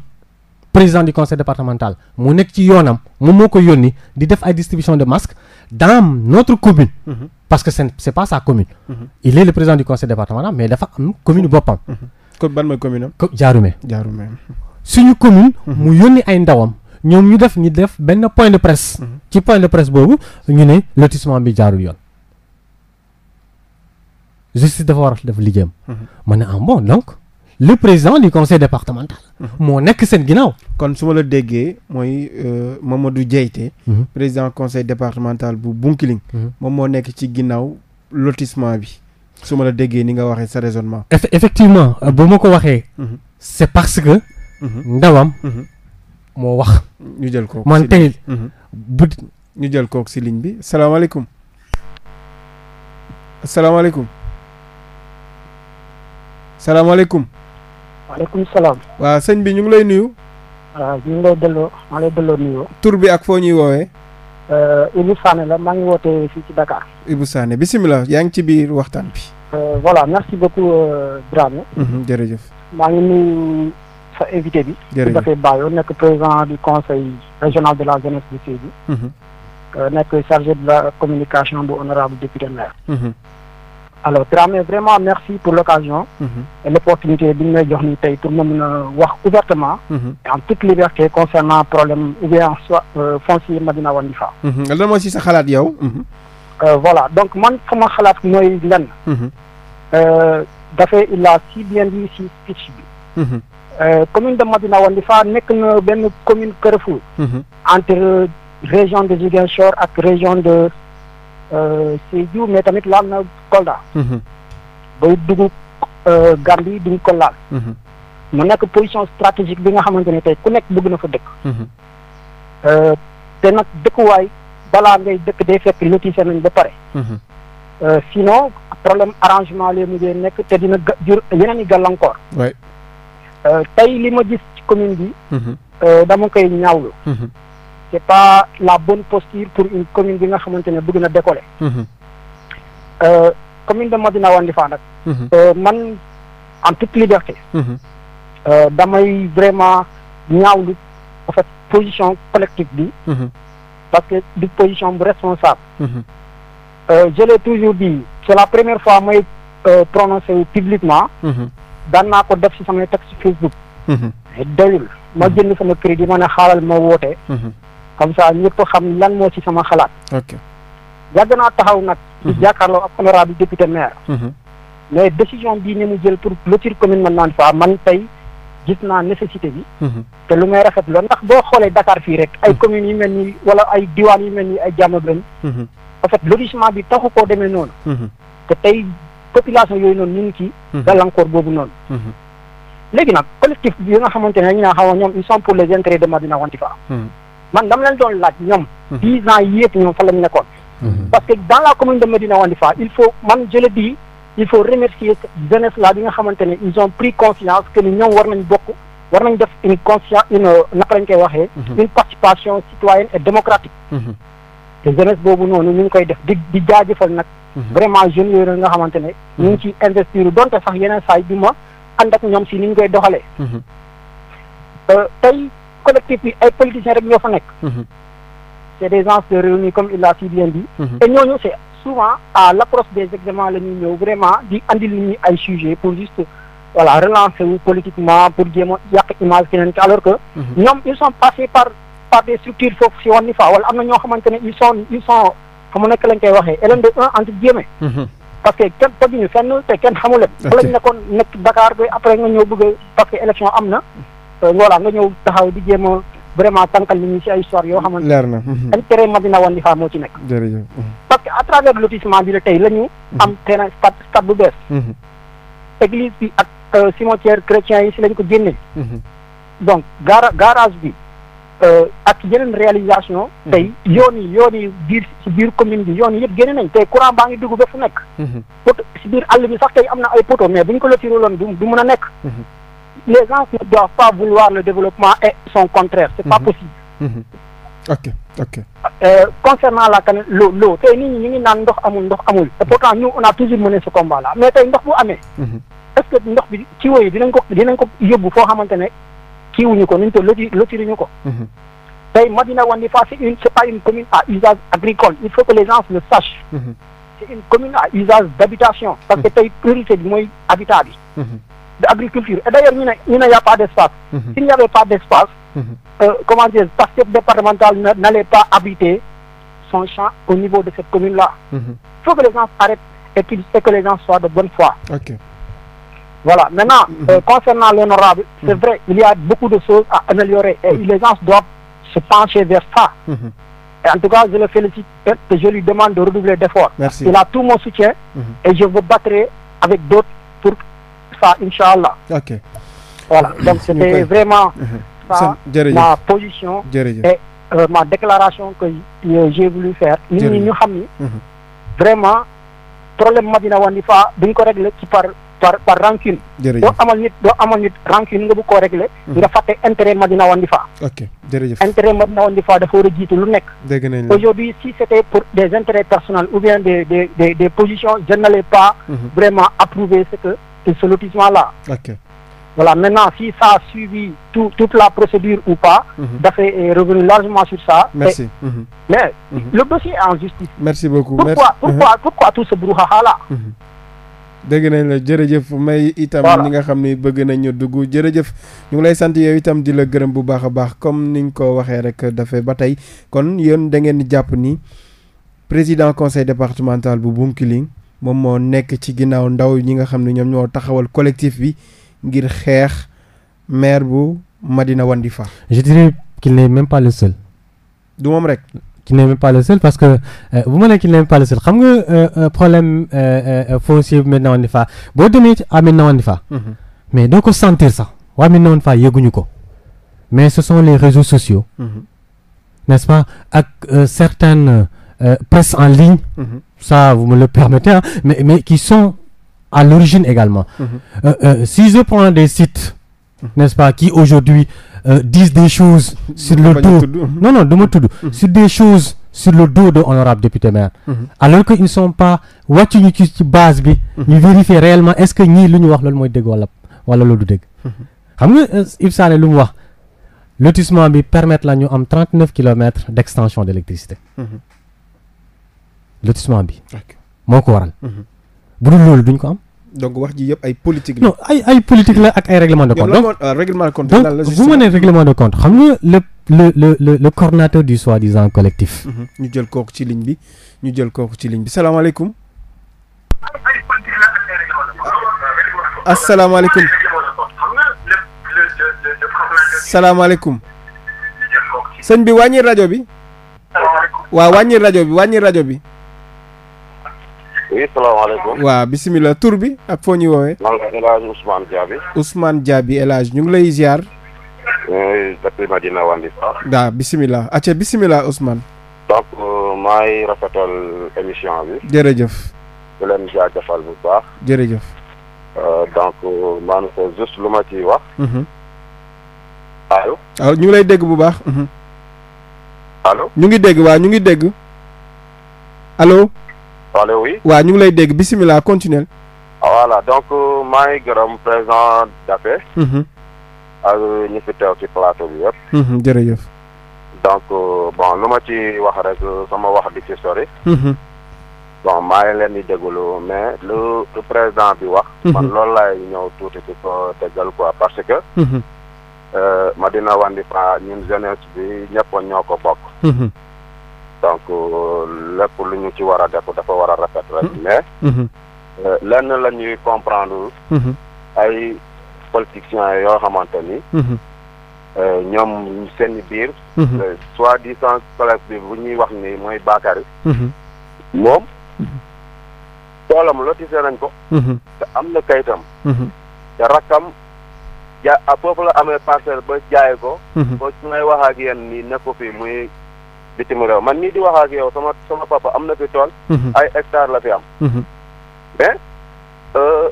président du conseil départemental mu nekk ci yoonam moom moo ko yónni di def ay distribution de masques dans notre mhm. parce que c'est c'est pas sa commune. Mhm. il est le président du conseil départemental mais dafa am commune boppam. Mhm. ko ban mooy commune am. ko Diaroume. Diaroume suñu commune. mu yónni ay ndawam. ñoom ñu def ñu def benn point de presse. ci point de presse boobu ñu ne lotissement bi jaarul yoon. justice dafa war a def le président du conseil départemental. Mhm. moo nekk seen ginnaaw. kon su ma la déggee mooy euh, moom du Diaité. Mhm. président conseil départemental bu Bounkiling. Mhm. moom moo nekk ci ginnaaw lotissement bi. su ma la déggee ni nga waxee sa raisonnement. effectivement euh, bu ma ko waxee. c'est parce que. ndawam. moo wax. ñu jël kooku man tey. jël kooku si ligne bi salaamaaleykum. salaamaaleykum. salaamaaleykum. waaleykum salaam. waaw sëñ bi ñu ngi lay nuyu. waaw ñu ngi lay delloo maa lay delloo nuyoo. tur bi ak foo ñuy woowee. Euh, Ibou Sané la maa ngi wootee fii ci Dakar. Ibou Sané bisimilah yaa ngi ci biir waxtaan bi. Euh, voilà merci beaucoup euh, Dramé. Mhm, jërëjëf. maa ngi nuyu sa invité bi. jërëjëf dafay Bayo nekk président du conseil régional de la jeunesse du Sédhiou. Mhm. nekk chargé de la communication bu honorable député maire. Mhm. alors Dramé vraiment merci pour l'occasion mhm. et l'opportunité bi ñu may jox ni tey pour ma mën a wax ouvertement mhm. et en toute liberté concernant problème ou bien soit euh, foncier Madina Wandifa mhm. lan moo ci sa xalaat yow euh, voilà donc man sama xalaat mooy lenn euh, dafay il a si commune de Madina Wandifa nekk na benn commune carrefour entre région de Ziguinchor ak région de Euh, Sédhiou mais tamit laal na Kolda. Mhm. ba dugg euh, Gambie duñ ko laal. mu nekk position stratégique bi nga xamante ne tey ku nekk bëgg na fa dëkk. Mhm. Euh, te nag dëkkuwaay balaa ngay dëkk day fekk lotissé nañ ba pare. Mhm. sinon problème arrangement lay mujjee nekk te dina jur yeneen i gàllankoor. tey li ma gis ci commune bi. dama koy ñaawlu. c'est pas la bonne posture pour une commune bi nga xamante ne bëgg na décoller. Mhm. Euh, commune de Madina Wandifa nag. Mhm. Euh, man en toute liberté. Mhm. Euh, damay vraiment ñaawlu en fait position collective bi. parce que du position bu responsable. je l'ai toujours dit c'est la première fois may prononcer wu publiquement. daan naa ko def si samay texte Facebook. doyul ma jënd sama crédit ma ne xaaral ma woote. comme ça ñëpp xam lan moo ci sama xalaat. ok yàgg naa taxaw nag. di mhm. jàkkaarloo ak honorable député maire. Mhm. mais décision bii ni mu jël pour clôture commune man naan fa man tey gis naa nécessité bi. Mhm. te lu may rafet la ndax boo xoolee Dakar fii rek. ay communes yu mel ni wala ay diwaan yu mel nii ay jàmm gën. en fait lotissement bi taxu koo demee noonu. te tey population yooyu noonu ñu ngi ci. gàllankoor boobu noonu. léegi nag collectif bi nga xamante ne ñu naan xaw ñoom ils sont pour les intérêts de Madina man dama leen doon laaj ñoom. Mhm. dix ans yii yëpp ñoom fan la ñu nekkoon. Mhm. parce que dans la commune de Medina Wandifa il faut man je le dis il faut remercier jeunesse là bi nga xamante ne ils ont pris conscience que ni ñoom war nañ bokk war nañ def une conscience une naka lañ koy waxee. Mhm. une participation citoyenne et démocratique. te jeunesse boobu noonu ñu ngi koy def di di jaajëfal nag. vraiment jeunes yooyu nga xamante ne. ñu ngi ciy investir donte sax yeneen saa yi du ma ak ñoom si ni ñu koy doxalee. Euh, collectif bi ay politiciens rek ñoo fa nekk. Mhm. de réunis comme il l'a si bien dit. Mhm. et ñooñu c' est souvent à l' approche des examens la ñuy ñëw vraiment di andi li ñuy ay sujets pour juste voilà relancer wu politiquement pour jéem a yàq image keneen alors que. Mhm. ñoom ils sont passés par par des structures foofu si woon wala am na ñoo xamante ne ils sont ils sont xamu nekk lañ koy waxee élèves de un entre guillemets. parce que te kenn xamu leen. bu lañ nekkoon nekk na. ngoolaa euh, nga ñëw taxaw di jéem a vraiment tànkal nit ñi si ay histoire yoo xamante leer na intérêt mhm. Madina Wandifa moo ci nekk jërëjëf mhm. parce que à travers lotissement bi la tey la ñu mhm. am terrain stade stade bu bees église bi ak euh, cimetière chrétien yi si lañ ko génne donc gara garage bi euh, ak yeneen réalisation tey yoon yi yoon yi biir si biir commune bi yoon yi yëpp génne nañ tey courant baa ngi dugg ba nekk poto si biir àll bi sax tey am na ay poto mais bu ñu ko lotiroloon du du mën nekk les gens ne doivent pas vouloir le développement et son contraire. C'est mmh. pas mhm. possible. Mmh. Ok, ok. Euh, concernant la canne, l'eau, l'eau, et pourtant nous, on a toujours mené ce combat-là. Mais mhm. est-ce que ndox bi ci wooyu dinañ ko dinañ ko yóbbu foo xamante ne kiiwuñu ko nuñ ko loti lotiruñu ko mhm. tey Madina Wandifa c'est une c'est pas une commune a usage agricole il faut que les gens le c'est une commune à usage d'habitation parce que tey priorité bi mooy habitat bi de agriculture et d'ailleurs ñu ne ñu a pas d' espace. Mm-hmm. s' n' y avait pas d' espace. Mm-hmm. Euh, comment dire Pastef départemental n'allait pas habiter son champ au niveau de cette commune la mm-hmm. il faut que les gens arrêtent que les gens de bonne foi. Okay. Voilà, maintenant, euh, concernant l'honorable, c'est vrai, il y a beaucoup de choses à améliorer et les gens doivent se pencher vers ça. en tout cas, je le félicite et je lui demande de redoubler d'efforts. Il a tout mon soutien et je vous battrai avec ça, allah OK. Voilà, donc c'était vraiment mhm. ça, ma position et euh, ma déclaration que j'ai voulu faire. Nit ñi ñu xam ni mhm. vraiment problème Madina Wandifa duñ ko régler ci par par par rancune. doo amal nit doo amal nit rancune nga bu ko régler. Mhm. nga fàtte intérêt Madina Wandifa. ok jërëjëf intérêt Madina Wandifa dafa war a jiitu lu nekk. dégg nañ la aujourd'hui si c'était pour des intérêts personnels ou bien des des des des positions je n'allais pas. vraiment approuver ce que. respecte ce la là Okay. Voilà, maintenant, si ça a suivi tout, toute la procédure ou pas, mm -hmm. Dafé est revenu largement sur ça. Merci. Mhm. Mais mm -hmm. le en justice. Merci beaucoup. Pourquoi, Merci. pourquoi, mhm. pourquoi tout ce brouhaha-là mhm. dégg nañ la jërëjëf may itam ñi nga xam ni bëgg nañ ñu dugg jërëjëf ñu ngi lay sant yow itam di la gërëm bu baax a baax comme ni niñ ko waxee rek dafay ba tey kon yéen da ngeen jàpp ni président conseil départemental bu Bounkiling moom moo nekk ci ginnaaw ndaw ñi nga xam ne ñoom ñoo taxawal collectif bi ngir xeex maire bu Madina Wandifa. je dirais qu'il n'est même pas le seul. du moom rek. qu'il n'est même pas le seul parce que bu ma nekk qu'il n'est même pas le seul xam nga euh, euh, problème euh, foncier bu Medina fa boo demee à Medina Wandifa. Mhm. mais doo ko sentir sax waa Medina Wandifa yëguñu ko. mais ce sont les réseaux sociaux. Mhm. n'est-ce pas ak certaines euh, presse en ligne, mm -hmm. ça vous me le permettez, hein, mais, mais qui sont à l'origine également. Mhm. Euh, euh, si je prends des sites, mhm. n'est-ce pas, qui aujourd'hui euh, disent des choses sur le dos, non, non, de mon tout mhm. sur des choses sur le dos de honorable député maire alors que ne sont pas wàccuñu ci ci base bi ñu vérifier réellement est-ce que ñii lu ñu wax loolu mooy dégg wala loolu du dégg xam nga Ibou lu mu wax lotissement bi permettre la ñu am 39 kilomètres d'extension d'électricité lotissement bi. moo ko waral. Mhm. bu dul loolu duñ ko am. donc wax ji yëpp ay politique la. ay ay politique la ak ay règlement de compte. donc euh, bu ma nee règlement de compte xam nga le le le le le coordonnateur du soi-disant collectif. Mhm. ñu jël kooku ci ligne bi ñu jël kooku ci ligne bi salaamaaleykum. asalaamaaleykum. salaamaaleykum. sëñ bi rajo bi. waaw wàññi rajo bi wàññi rajo bi. oui salaamaaleykum. waaw bisimilah tur bi ak foo ñu woowee. man la El Hadj Ousmane Diaby. Ousmane Diaby El Hadj ñu ngi lay ziar. depuis Madina Wandisa. waaw bisimilah acca bisimilah donc euh, maay rafetal émission bi. jërëjëf. di leen jaajëfal bu baax. jërëjëf. Euh, donc man ko lu ma ciy wax. Mhm. allo. waaw ah, ñu ngi lay dégg bu baax. Mhm. allo. ñu ngi dégg waaw ñu ngi dégg. allo. allo oui. ñu ngi lay dégg bisimilah continuel voilà donc maa ngi gërëm président Daffé. Mhm. ak ñi fi teew ci plateau bi yëpp. Mhm, jërëjëf. donc bon lu ma ci wax rek sama wax di ci sori. Mhm. bon maa ngi leen di déglu mais lu lu président bi wax. man loolu laay ñëw tuuti ci ko déggal quoi parce que. Euh, Madina Wandifa ñun jeunesse bi ñëpp ñoo ko bokk. donc euh, lépp lu ñu ci war a def dafa war a rafet rek hmm. mais hmm. Euh, lenn la ñuy comprendre hmm. ay politiciens yoo xamante ni euh, ñoom seen biir soi-disant collègue bi bu ñuy wax ni mooy Bakary moom toolam lotissé nañ ko te am na kayitam te ja foofu amee parcelle ba jaay ko ba su may wax ak yéen ni nekku bitim réew man nii di wax ak yow sama sama papa am na fi tool. Mhm. ay hectares la fi am. Mhm. mais euh,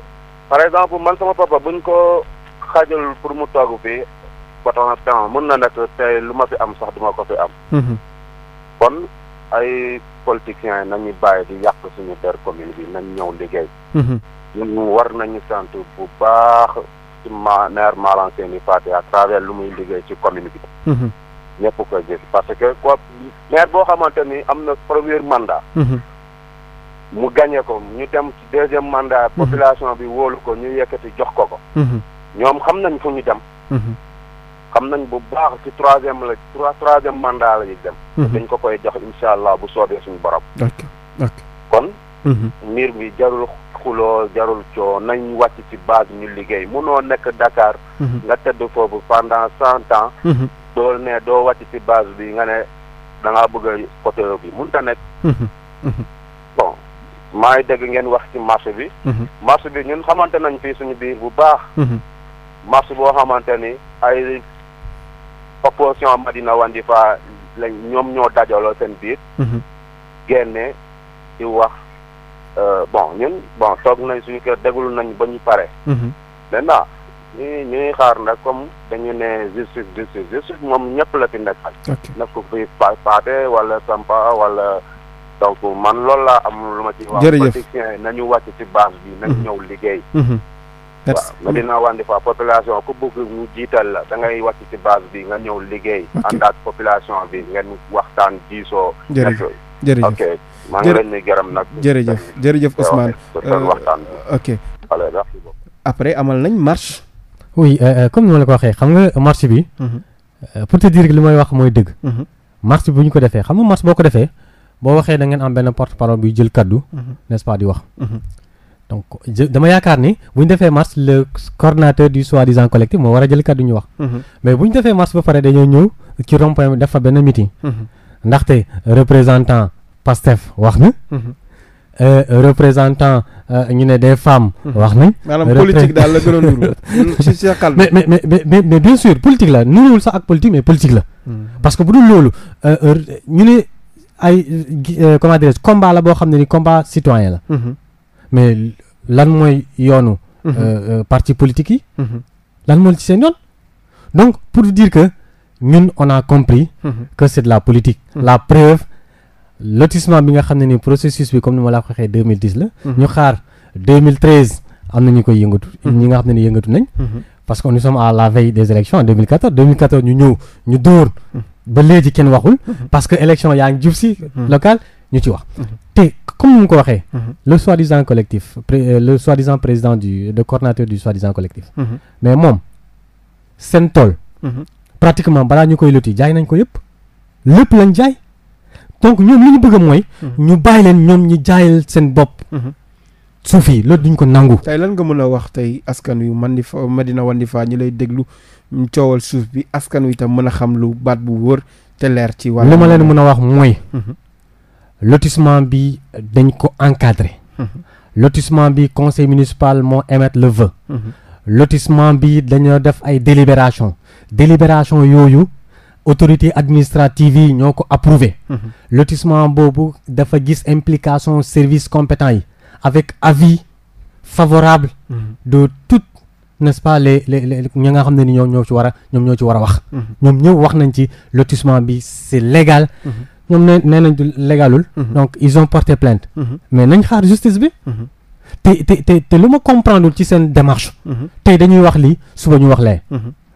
par exemple man sama papa buñ ko xaajal pour mu toog bi ba tax na na nekk tey lu ma fi am sax duma ko fi am. Mhm. kon ay politiciens yi nañu bàyyi di yàq suñu der commune bi nañ ñëw liggéey. ñun war nañu sant bu baax ci ma maire Malang Seyni Pathé à travers lu muy liggéey ci commune bi. ñëpp ko gis parce que quoi maire boo xamante ni am na premier mandat. Mhm. mu gañe ko ñu dem ci deuxième mandat. Mhm. population bi wóolu ko ñu yëkkati jox ko ko. Mhm. ñoom xam nañ fu ñu dem. xam nañ bu baax ci troisième la trois troisième mandat la ñuy dem. dañ ko koy jox incha allah bu soobee suñu borom. kon. mbir mi jarul xuloo jarul coo nañ wàcc ci base ñu liggéey munoo nekk Dakar. nga tëdd foofu pendant cent ans. doo ne doo wàcc ci base bi nga ne da ngaa bëgg a côté bi mënut a nekk. Mhm. Mhm. bon maa ngi dégg ngeen wax ci marché bi. Mhm. marché bi ñun xamante nañ fii suñu biir bu baax. marché boo xamante ni ay opposition Madina Wandifa lañ ñoom ñoo dajaloo seen biir. génne di wax euh, bon ñun bon toog nañ suñu kër déglu nañ ba ñu pare. maintenant ñu ñu ngi xaar nag comme dañu ne justice justice moom ñëpp la fi nekkal. na ko fi wala Sampa wala donc man loolu laa am lu ma ci. jërëjëf wax yi nañu wàcc ci base bi. nañu mhm. ñëw liggéey. Mhm. merci ma Medina Wandifa fa population ku bëgg ñu jiital la da ngay wàcc ci base bi nga ñëw liggéey. ànd ak population bi ngeen waxtaan diisoo. jërëjëf jërëjëf ok maa ngi leen di gërëm nag. jërëjëf jërëjëf Ousmane waxtaan bi euh, ok après amal nañ marche. oui euh, euh, comme ni ma la ko waxee xam nga marché bi. Mhm. Euh, pour te dire li may wax mooy dëgg. Mhm. marche bu ñu ko defee xam nga marche boo ko defee boo waxee da ngeen am benn porte parole buy jël kaddu. Mhm. nest pas di wax. dama yaakaar ni bu ñu defee marche le coordonnateur di soi-disant collectif moo war a jël kaddu ñu wax. mais bu ñu defee marche ba pare dañoo ñëw ci rond-point def fa benn meeting. ndaxte représentant PASTEF wax na. Euh, représentant euh, ñu ne des femmes. Mhm. wax nañ. maanaam daal la gën a nuru si sa xel mais mais mais mais bien sûr politique la nuruwul sax ak politique mais politique la. Mhm. parce que bu dul loolu euh, ñu ne ay comment a je combat la boo xam ne ni combat citoyen la. Mhm. mais lan mooy yoonu. parti politique yi. lan mooy ci seen yoon. donc pour dire que ñun on a compris. que c'est la politique. la preuve. lotissement bi nga xam ne ni processus bi comme ni ma la ko waxee 2010 la. Mhm. ñu xaar 2013 am na ñu koy yëngatu. Mhm. ñi nga xam ne ni yëngatu nañ. Mhm. parce que nous sommes à la veille des élections en 2014 2014 ñu ñëw ñu dóor. ba léegi kenn waxul. parce que élection yaa ngi jub si. ñu ci wax. te comme ni mu ko waxee. le soi-disant collectif euh, le soi-disant président du de coordonnateur du soi-disant collectif. mais moom seen tool. pratiquement balaa ñu koy loti jaay nañ donc ñoom li ñu bëgg mooy. Mhm. ñu bàyyi leen ñoom ñi jaayal seen bopp. Mhm. suuf yi loolu duñ ko nangu. tey lan nga mën a wax tey askan wi man di fa di Wandifa ñu lay déglu ñu coowal suuf bi askan wi tam mën a xam lu baat bu wóor te leer ci. wàllu li ma leen mën a wax mooy. Mhm. lotissement bi dañ ko encadré. lotissement bi conseil municipal moo émettre le vœu. lotissement bi dañoo def ay délibération délibération yooyu. autorité administrative yi ñoo ko approuvé mhm. lotissement boobu dafa gis implication service compétent yi avec avis favorable mhm. de toutes n'est-ce pas les les les nga xam ne ni ñoom ñoo ci war a ñoom ñoo ci war a wax mhm. ñoom ñëpp wax nañ ci lotissement bi c'est légal ñoom ne nee nañ légalul donc ils ont porté plainte mais nañ xaar justice bi te te te te lu ma comprendre ci seen démarche tey dañuy wax li suba ñu wax lee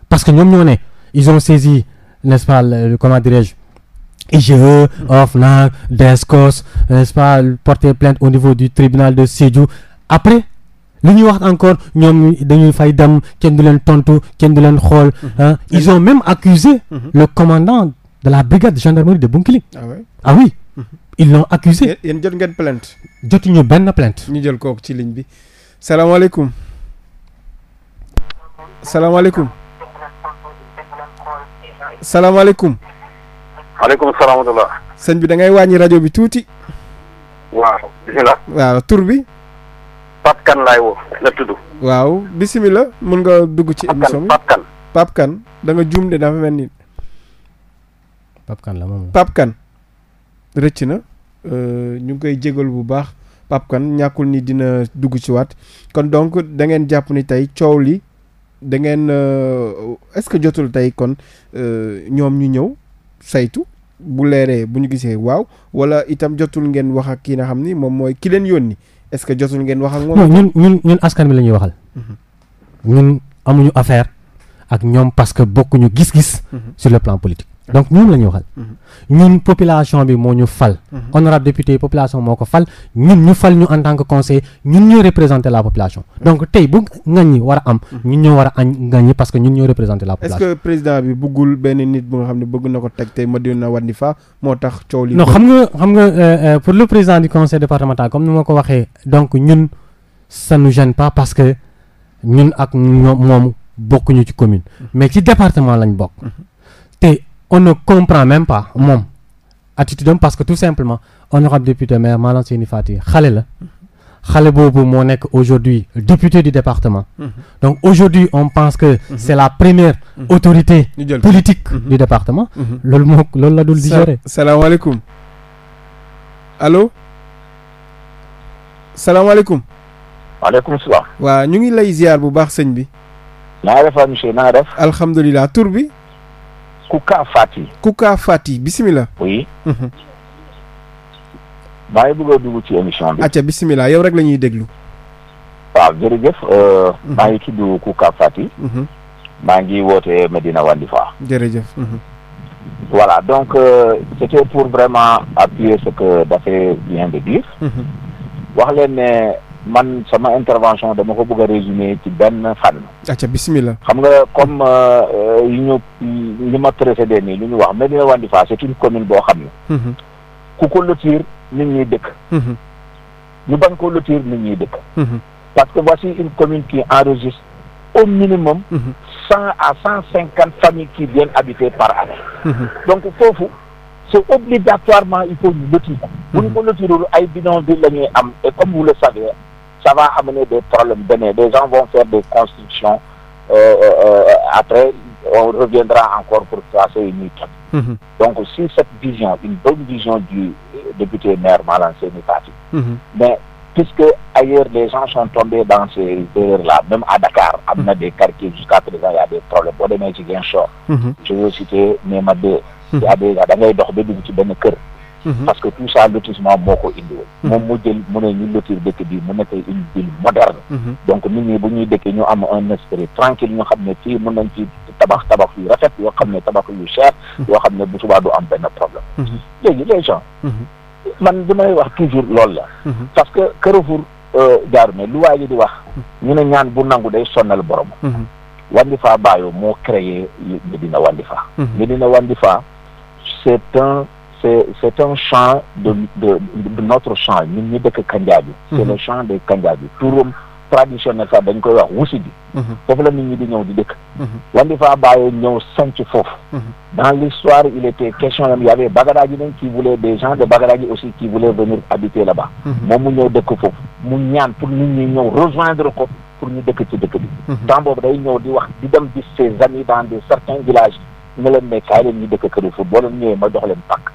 parce que ñoom ñoo ne ils ont saisi n'est-ce pas le, comment dirais-je IGE, OFNAC, DESCOS, n'est-ce pas porter plainte au niveau du tribunal de Sédhiou après li ñuy wax encore ñoom dañuy fay dem kenn du leen tontu kenn du leen xool mhm. ils ont même accusé mhm. le commandant de la brigade de gendarmerie de Bounkiling ah, ouais. ah oui mhm. ils l'ont accusé jot ngeen plainte jotuñu benn plainte ñu jël kook ci ligne bi salaamaaleykum salaamaaleykum salaamaaleykum. maaleykum salaam wa rahmatulah. sëñ bi da ngay wàññi rajo bi tuuti. waaw bisimilah. waaw tur bi. Pape Kane laay woo la tudd. waaw bisimilah mun nga dugg ci émission bi Pape Kane Pape dafa mel ni. Pape la moom Pape rëcc na euh, ñu ngi koy jégal bu baax Pape Kane ñàkkul ni dina dugg ci waat kon donc da ngeen jàpp ni tey coow li. da ngeen euh, est-ce que jotul tey kon euh, ñoom ñu ñëw saytu bu leeree bu ñu gisee waaw walla itam jotul ngeen wax ak ki na xam ni moom mooy ki leen yónni est-ce que jotul ngeen wax ak moom. non ñun ñun ñun askan bi la ñuy waxal. Mhm. ñun amuñu affaire ak ñoom parce que bokkuñu gis-gis. Mhm. sur le plan politique. donc ñoom la ñu waxal. Mhm. ñun population bi moo ñu fal. Mhm. honorable député population moo ko fal ñun ñu fal ñu en tant que conseil ñun ñoo représenter la population. Mhm. donc tey bu ngaññi war a am. ñun ñoo war a añ ngaññi parce que ñun ñoo représenter la population. est-ce que président bi bëggul benn nit bu nga xam ne bëgg na ko teg tey Madina Wandifa moo tax coow li. non xam nga xam nga euh, euh, pour le président du conseil départemental comme ni ma ko waxee donc ñun ça nous gêne pas parce que ñun ak ñoom moom bokkuñu ci commune. mais ci département lañ bokk. on ne comprend même pas moom attitude am parce que tout simplement honorable député maire Malang Seyni Fati xale la xale boobu moo nekk aujourd'hui député du département mm-hmm. donc aujourd'hui on pense que mm-hmm. c'est la première mm-hmm. autorité politique du département loolu moo loolu la dul digérer salaamaaleykum allo salaamaaleykum waaleykum salaam waaw ñu ngi lay ziar bu baax sëñ bi na nga def monsieur na nga def alhamdulilah tur bi Kouka Fati. Kouka Fati bisimilah. oui. maa mhm. ngi bëgg a dugg ci émission bi. acca bisimilah yow rek lañuy déglu. waaw jërëjëf. Euh, mhm. maa ngi tudd Kouka Fati. Mhm. maa ngi woote Medina Wandifa. jërëjëf. voilà donc euh, pour vraiment appuyer ce que Daffé vient de dire. wax leen ne. man sama intervention dama ko bëgg a résumer ci benn fànn. acca bismillah. xam nga comme euh, euh, yu ñu li ma précédé nii li ñu wax Médina Wandifa c'est une commune boo xam ne. Mm-hmm. ku ko lotir nit ñi dëkk. Mm-hmm. ñu bañ ko lotir nit ñi dëkk. Mm-hmm. parce que voici une commune en enregistre au minimum. cent à cent cinquante familles qui viennent habiter par année. donc foofu. c'est obligatoirement il faut ñu lotir ko bu ñu ko lotirul ay bi la ñuy am et comme vous le ça va amener des problèmes demain. Des gens vont faire des constructions. Euh, euh, euh après, on reviendra encore pour tracer une étape. Mmh. Donc, si cette vision, une bonne vision du député maire Malancé n'est pas mais puisque ailleurs les gens sont tombés dans ces erreurs-là, même à Dakar, il y a jusqu'à présent, il a des problèmes. Bon, demain, je viens chaud. Je vais citer Néma 2. Il y a des gens qui ont des Mm-hmm. parce que tout ça lotissement moo ko indiwoon. Mm-hmm. moom mu jël mu ne ñu lotir dëkk bi mu nekk une ville moderne. Mm-hmm. donc nit ñi bu ñuy dëkkee ñu am un esprit tranquille ñu xam ne fii mën nañ ci tabax tabax yu rafet yoo xam ne tabax yu cher. yoo xam ne bu subaa du am benn problème. léegi les gens. man li may wax toujours loolu la. parce que Carrefour euh, jaarame lu waay ji di wax. ñu ne ñaan bu nangu day sonnal borom. Wandifa Bayo moo créé Medina Wandifa. Medina Wandifa c'est un. c'est c'est un champ de notre champ ñun ñu dëkk Kandiabi c'est mhm. le champ des Kandiabi turam traditionnel sax dañ koy wax wusi bi mhm. foofu la nit ñi di ñëw di dëkk mhm. Wandifa Bayo ñëw sanc foofu dans l'histoire il était question yam de Bagadaji aussi qui voulaient venir habiter là-bas moom mu ñëw dëkk foofu mu ñaan pour nit ñi ñëw rejoindre ko pour ñu dëkk ci dëkk bi temps boobu day ñëw di wax di dem di ses amis dans des certains villages ne leen mais kaay ñu dëkk kër yi foofu boo leen ñëwee ma jox leen pàkk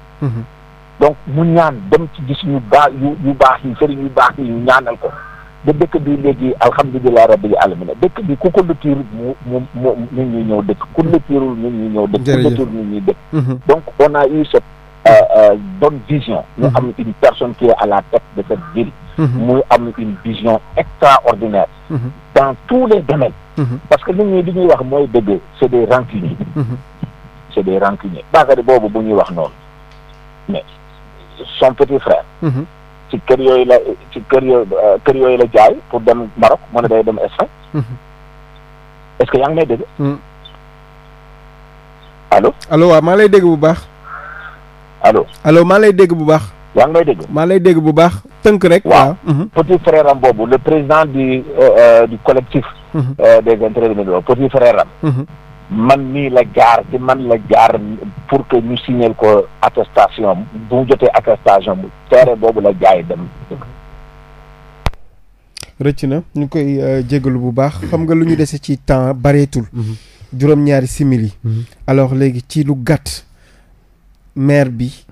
donc mu ñaan dem ci gis ñu baax yu yu baax yi sëriñ yu baax yi ñu ñaanal ko ba dëkk bi léegi alhamdulilah rabbil alamin dëkk bi ku ko mu mu mu nit ñi ñëw dëkk ku lëtiirul nit ñi ñëw dëkk ku lëtiir nit ñi dëkk mhm. donc on a eu cette euh, euh, vision ñu mhm. am une personne qui à la tête de cette ville muy mhm. am une vision extraordinaire dans tous les domaines parce que nit ñi li ñuy wax mooy dëgg c'est des rancuniers c'est de rancuniers baakari boobu bu ñuy wax noonu mais son petit frère. Mhm. ci kër yooyu la ci kër yooyu euh, kër yooyu la jaay pour dem Maroc mu ne day dem Espagne. Mhm. est que yaa ngi may dégg. allo mhm. allo waa maa lay dégg bu baax. allo allo maa lay dégg bu baax. yaa ngi may dégg. maa lay dégg bu baax tënk rek. waaw petit frère am boobu le président du euh, euh, du collectif. des intérêts du Petit frère am. man mii la jaar ci man la jaar pour que ñu signal ko attestation bu mu jotee attestation bu teere boobu la jaay dem. rëcc na ñu koy euh, jégalu bu baax xam nga lu ñu dese ci temps bareetul. Mhm. juróom-ñaari simili. Mhm. alors léegi ci lu gàtt maire bi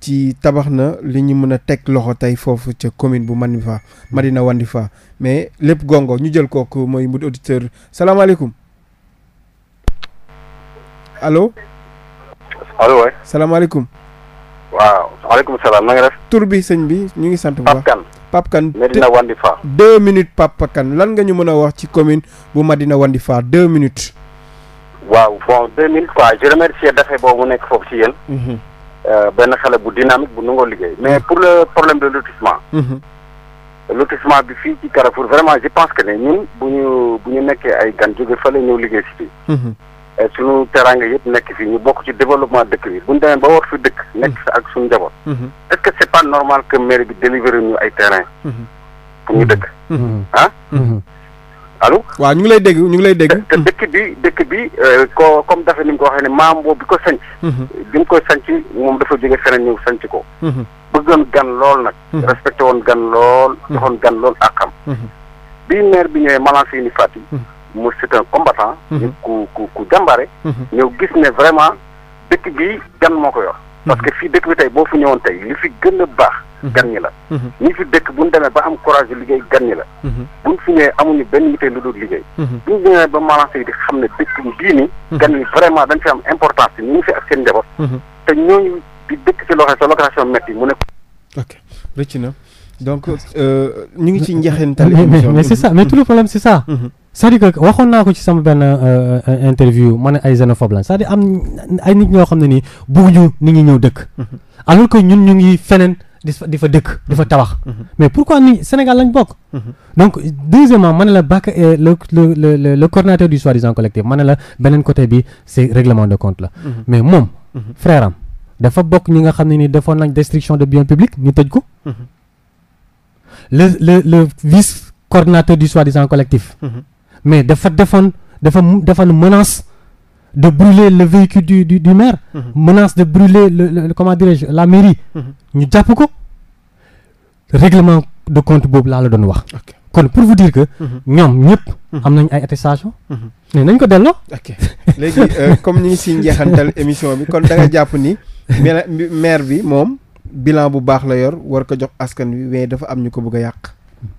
ci tabax na li ñu mën a teg loxo tey foofu ca commune bu Manifa Madina Wandifa mais lépp gongo ñu jël kooku mooy mu auditeur salaamaaleykum. allo. allo waay. salaamaaleykum. waaw maaleykum salaam na nga def. tur bi sëñ bi ñu ngi sant bu baax Pape Kane. Pape Kane Medina Wandifa. deux minutes Pape lan nga ñu mën a wax ci commune bu Medina Wandifa deux minutes. waaw bon deux minutes quoi je remercie dafay boobu mu nekk foofu ci yéen. Mhm. Euh, benn xale bu dynamique bu nangoo liggéey. mais mhm. pour le problème de lotissement. Mhm. lotissement bi fii ci Carrefour vraiment je pense que ne ñun bu ñu bu ñu nekkee ay gan jóge fële ñëw liggéey si fii. suñu teraanga yëpp nekk fii ñu bokk ci développement dëkk bi bu ñu ba war fi dëkk. nekk fi ak suñu njaboot. Mhm. est-ce que c'est pas normal que maire bi délivrer ñu ay terrain. Mhm. pour ñu dëkk. Mhm. ah. allo. waaw ñu ngi lay dégg ñu ngi lay dégg. te dëkk bi dëkk bi euh, ko comme dafa ni nga ko waxee ne maam boobu bi ko sanc. bi mu koy sanc moom dafa jóge feneen ñëw sanc ko. bëggoon gan lool nag. respecté woon gan lool. joxoon gan lool ak xam. bi maire bi ñëwee malansi ni fàtt yi mu c'est un combattant. Mhm. nit ku ku ku jàmbaare. Mhm. ñëw gis ne vraiment dëkk bi gan moo ko yor. parce que mhm. fii dëkk bi tey boo fi ñëwoon tey li fi gën a baax. gan ñi la. ñi fi dëkk bu ñu demee ba am courage liggéey gan ñi la. bu ñu fi ñëwee amuñu benn yitte lu dul liggéey. bu ñu a ba maanaam di xam ne dëkk bii nii. gan ñi vraiment dañ fi am importance ñu fi ak seen njaboot. te ñooñu di dëkk ci loxo sa mu ne. ok rëcc na donc euh, ñu ngi ci njeexintal émission mais c'est-à-dire waxoon naa ko ci sama benn euh, euh, interview man ne ay xénophobe la cest à am ay nit ñoo xam ne nii ñu nit ñu ñëw dëkk. Mm-hmm. alors que ñun ñu ngi feneen di fa di fa dëkk di fa mm-hmm. tabax. Mm-hmm. mais pourquoi ni Sénégal lañ bokk. donc deuxièmement man ne la bàq euh, le le le le coordinateur du soi-disant collectif ma ne la beneen côté bi c'est règlement de compte la. mais moom. frère dafa bokk ñi nga xam ne nii defoon nañ destruction de biens publics ñu tëj ko. le le le vice coordinateur du soi-disant collectif. mais dafa defoon dafa defoon menace de brûler le véhicule du du, du maire. Mm menace de brûler le, comment dirais-je la mairie. Mhm. ñu jàpp ko règlement de compte boobu laa la doon wax. kon pour vous dire que. Mhm. ñoom ñëpp. Mhm. am nañ ay attestation nañ ko delloo. ok léegi euh, comme ñu ngi si njeexantal émission bi kon da jàpp ni. maire bi moom bilan bu baax la yor war ko jox askan wi mais dafa am ñu ko bëgg a yàq.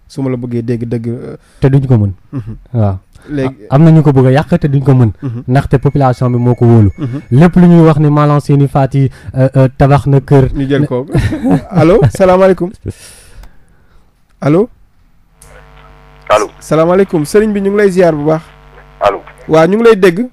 su ma la bëggee dégg dëgg. Euh, te duñ ko mën. Mhm. waaw léegi am na ñu ko bëgg yàqate duñ ko mën. Mhm. ndaxte population bi moo ko wóolu. Mhm. lépp lu ñuy wax ni ne Malang Seyni Fati euh, euh, tabax na kër. ñu jël ko alo salaamaaleykum allo. allo salaamaaleykum sëriñ bi ñu ngi lay ziar bu baax. alo waa ñu ngi lay dégg.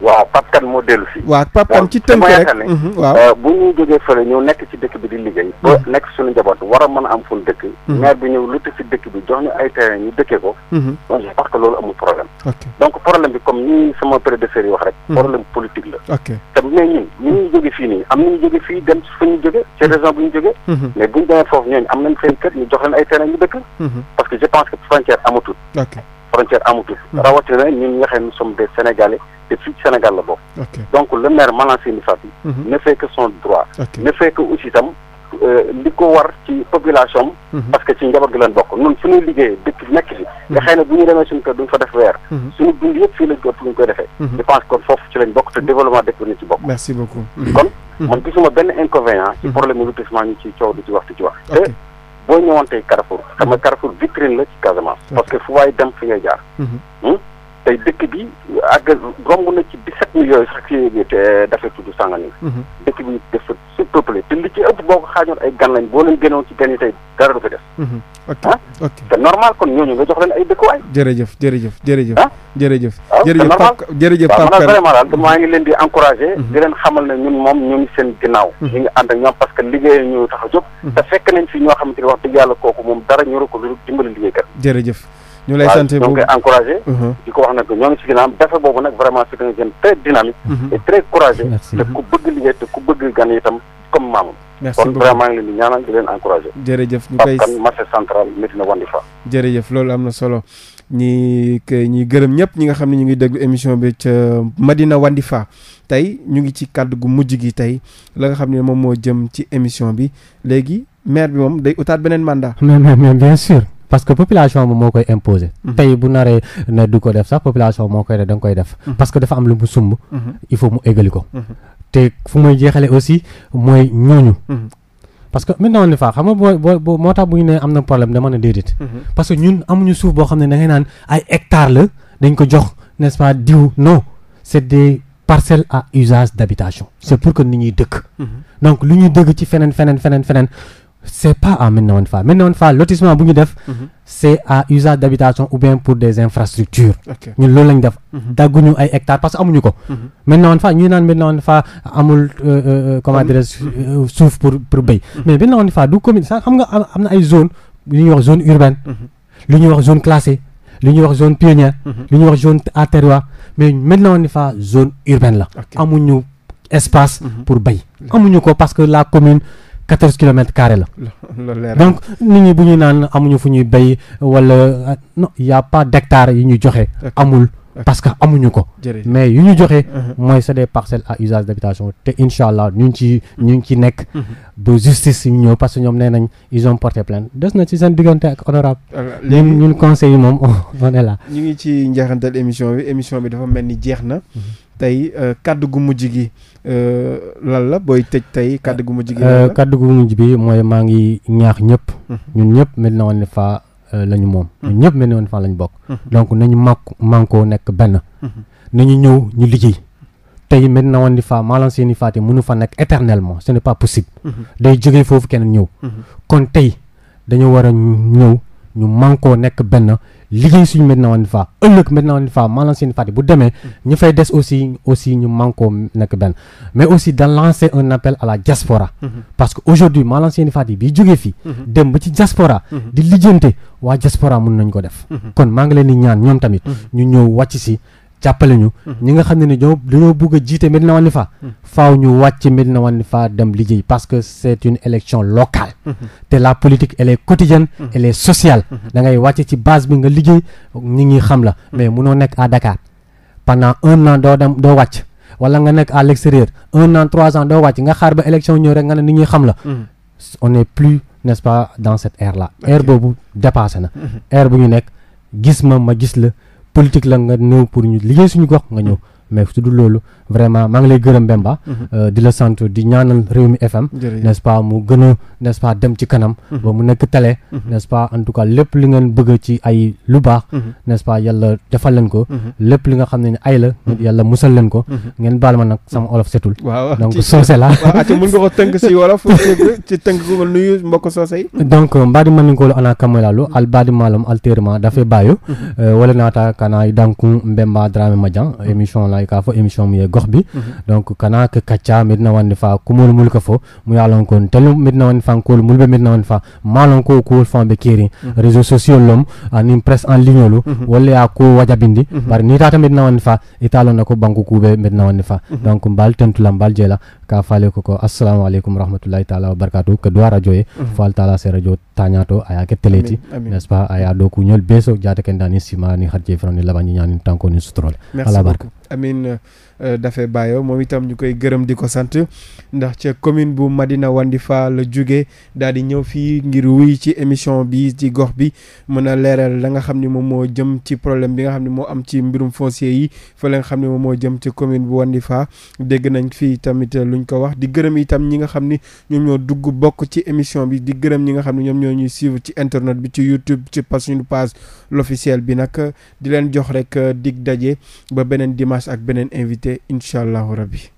waaw Pape Kane moo dellu si. waaw Pape Kane ci tënk waaw mhm, euh, bu ñu jógee fële ñu nekk ci dëkk bi di liggéey. ba mhm. nekk suñu njaboot war a mën a am fu dëkk. Mhm. maire bi ñëw lutti si dëkk bi jox ñu ay terrain ñu dëkkee ko. donc je pense que loolu amul problème. donc problème bi comme ni sama prédécesseur yi wax rek. problème politique la. ok te ñun ñu ngi jóge fii nii am na ñu jóge fii dem fu ñu jóge ci région bu ñu jóge. mais bu ñu demee foofu ñooñu am frontière amatul. Hmm. rawatina ñun nga xam ne nous sommes des sénégalais te fii Sénégal la bokk. donc le maire Malang Seyni Faty hmm. ne fait que son droit. ne fait que aussi itam euh, li ko war ci population hmm. parce que ci njaboot gi leen bokk ñun suñuy liggéey dëkk nekk fi nga xëy na bu ñu demee suñu kër duñ fa def weer suñu dund yëpp fii lañ ko fu ñu koy defee je pense que foofu ci lañ bokk te développement dëkk bi ñu ci bokk kon man gisuma benn inconvénient ci problème boo ñëwoon tey Carrefour xam nga Carrefour vitrine la ci Casamance. parce que fu waay dem fi ngay jaar. Mhm. Hmm? tey dëkk bi àgg romb na ci 17 millions yi sax ci dafa tudd Sanganing. Mhm. dëkk bi dafa boole te li ci ëpp boo ko xaajoon ay gan lañ boo leen gënoon ci gan yi tey dara du ko def. Mhm. ok ah? ok te normal kon ñooñu nga jox leen ay dëkkuwaay. jërëjëf jërëjëf jërëjëf. Ah? jërëjëf. te a fekk nañ fi ñoo xamante ni wax dëgg yàlla kooku moom dara ñoru ko lu dimbali liggéeykat. jërëjëf. ñu lay sant mhm. boobu nag vraiment c'est un jeune très dynamique. Mhm. et très courageux. te ku bëgg liggéey te ku bëgg gan itam comme maamam. merci kon vraiment ngi leen di ñaanal di leen encouragé. jërëjëf ñu koy Pape marché central jërëjëf loolu am na solo ñi kay ñuy gërëm ñëpp ñi nga xam ne ñu ngi déglu émission bi ca Madina fa tey ñu ngi ci kàddu gu mujj gi tey la nga xam ne moom moo jëm ci émission bi léegi maire bi moom day utaat beneen mandat. mais mais bien sûr. parce que population moom moo koy imposer. Mhm. tey bu naree ne du ko def sax population moo koy ne da nga koy def. Mhm. parce que dafa am lu mu sumb. Mhm. il faut mu égali ko. te fu may jeexale aussi mooy ñooñu. Mm-hmm. parce que maintenant ne faa xam nga boo boo moo tax bu ñu nee am na problème dama ne déedéet. Mm-hmm. parce que ñun amuñu suuf boo xam ne da ngay naan ay hectares la dañ ko jox n'est-ce pas diw non c'est des parcelle à usage d'habitation. c'est pour que nit ñuy dëkk. Mm-hmm. donc lu ñuy dëgg ci feneen feneen feneen feneen c'est pas en Médina Fall Médina Fall lotissement bu ñu def mhm. c'est à usage d'habitation ou bien pour des infrastructures ñun loolu lañ def mhm. dagguñu ay hectares parce que amuñu ko mhm. Médina Fall ñu naan Médina Fall amul euh, euh, euh, comment dire suuf pour pour béy mais Médina Fall du commune sax xam nga am na ay zone lu ñuy wax zone urbaine lu ñuy wax zone classée lu ñuy wax zone pionnière lu ñuy wax zone à terroir mais Médina Fall zone urbaine la amuñu espace pour béy amuñu ko parce que la commune quatorze kilomètres carrés la. donc nit ñi bu ñu naan amuñu fu ñuy béy wala non y' a pas d'hectare yi ñu joxe. amul parce que amuñu ko. mais yu ñu joxe. Uh-huh. mooy c'est des parcelle à usage d'habitation te incha allah ñu ngi ci ñu ngi ci nekk. Uh-huh. ba justice ñu ñëw parce que ñoom nee nañ ils ont porté des na ci seen diggante ak honorable. Euh, léegi ñun conseil yi moom on est là. ñu ngi ci njeexantal émission bi émission bi dafa mel ni jeex na. Uh-huh. tey euh, kàddu euh, gu mujj gi lan la booy tëj tey euh, kàddu gu mujj gi. gu mujj bi mooy maa ngi ñaax ñëpp. Mhm. ñun ñëpp mel na woon ne faa la moom. Mhm. ñun ñëpp mel na woon faa lañu bokk. Mhm. donc nañu mànk mànkoo nekk benn. nañu ñëw ñu liggéey. tey mel na woon ni faa maalan seeni faate mënu fa nekk éternellement ce n'est pas possible. day jógee foofu kenn ñëw. kon tey dañu war a ñëw ñu mànkoo nekk benn. liggéey suñu Médina Wandifa ëllëg Médina Wandifa maanaam seen fàtte bu demee mm. ñu fay des aussi aussi ñu manko nekk benn mais aussi da lancer un appel à la diaspora mm-hmm. parce que aujourd'hui maanaam seen fàtte bi jógee fii mm-hmm. dem ba ci diaspora mm-hmm. di lijjante waa diaspora mën nañ ko def kon maa ngi leen ñaan ñoom tamit ñu ñëw wàcc si jàppale ñu. Mhm. ñi nga xam ne ni ñoo dañoo bugg a jiite Medina Wandifa. Mhm. faaw ñu wàcc Medina Wandifa dem liggéey parce que c' une élection locale. Mhm. te la politique elle est quotidienne. elle est sociale. da ngay wàcc ci base bi nga liggéey ñi ngi xam la. mais munoo nekk à Dakar pendant un an doo dem doo wàcc. wala nga nekk à l' extérieur un an trois ans doo wàcc nga xaar ba élection ñëw rek nga ne nit ñi xam la. on est plus n' pas dans cette ère là. ère boobu dépassé politique la nga ñëw pour ñu liggéey suñu gox nga ñëw mm. mais sudul loolu vraiment maa ngi lay gërëm Bemba. Mhm. Euh, di la sant di ñaanal Rewmi FM. n'est-ce pas mu gën a pas dem ci kanam. Mhm. ba mu nekk télé. Mhm. n'est-ce pas en lépp li ngeen bëgg ci ay lu baax. n'est-ce pas yàlla ko. lépp li nga xam ne ni ay la. yàlla musal leen ko. ngeen baal ma nag sama olof setul. waaw donc soose la. waaw ati mun nga ko tënk si wolof ci tënk ko nuyu mbokk soose yi. donc mbaadi man ko ana kamalalu al baadi alterement dafay baayu. Euh, wala naata kanaa danku Mbemba Dramé émission laay kaa fo émission mu yegg gox bi donc kana ke kacca mbeɗina wande fa kumol mul ka fo a yalon kon tel mbeɗina wande fa kol mulɓe mbeɗina wande fa malon ko kuwol famɓe keeri mhm. réseau social lom anin presse en ligne olu mhm. walla a ko wajabindi par mhm. ni tata mbeɗina wande fa italonna ko banque kuɓe mbeɗina wande fa donc mbal tentula mbal jeela ka faale koko assalamu aleykum rahmatullahi taala wabarakatu ko duwa radio e mhm. fo altala se radio tañato a yake teleti n'est ce pas aya ɗo kuñol beso jata ken dani simani harje frani labañi ñanin tankoni sutorole ala barka amin euh, dafe di ko sant ndax ca commune bu Madina Wandifa la jóge daal fii ngir wuy ci émission bi ci gox bi mën a leeral la nga xam ni moom moo jëm ci problème bi nga xam ne moo am ci mbirum foncier yi fa la nga xam ne moom moo jëm ci commune bu Wandifa dégg nañ fii tamit luñ ko wax di gërëm itam ñi nga xam ni ñoom ñoo dugg bokk ci émission bi di gërëm ñi nga xam ne ñoom ñoo ñuy suivre ci internet bi ci YouTube ci pas suñu page l'officiel bi nag di leen jox rek euh, dig daje ba beneen dimanche ak beneen invité incha allahu rabbi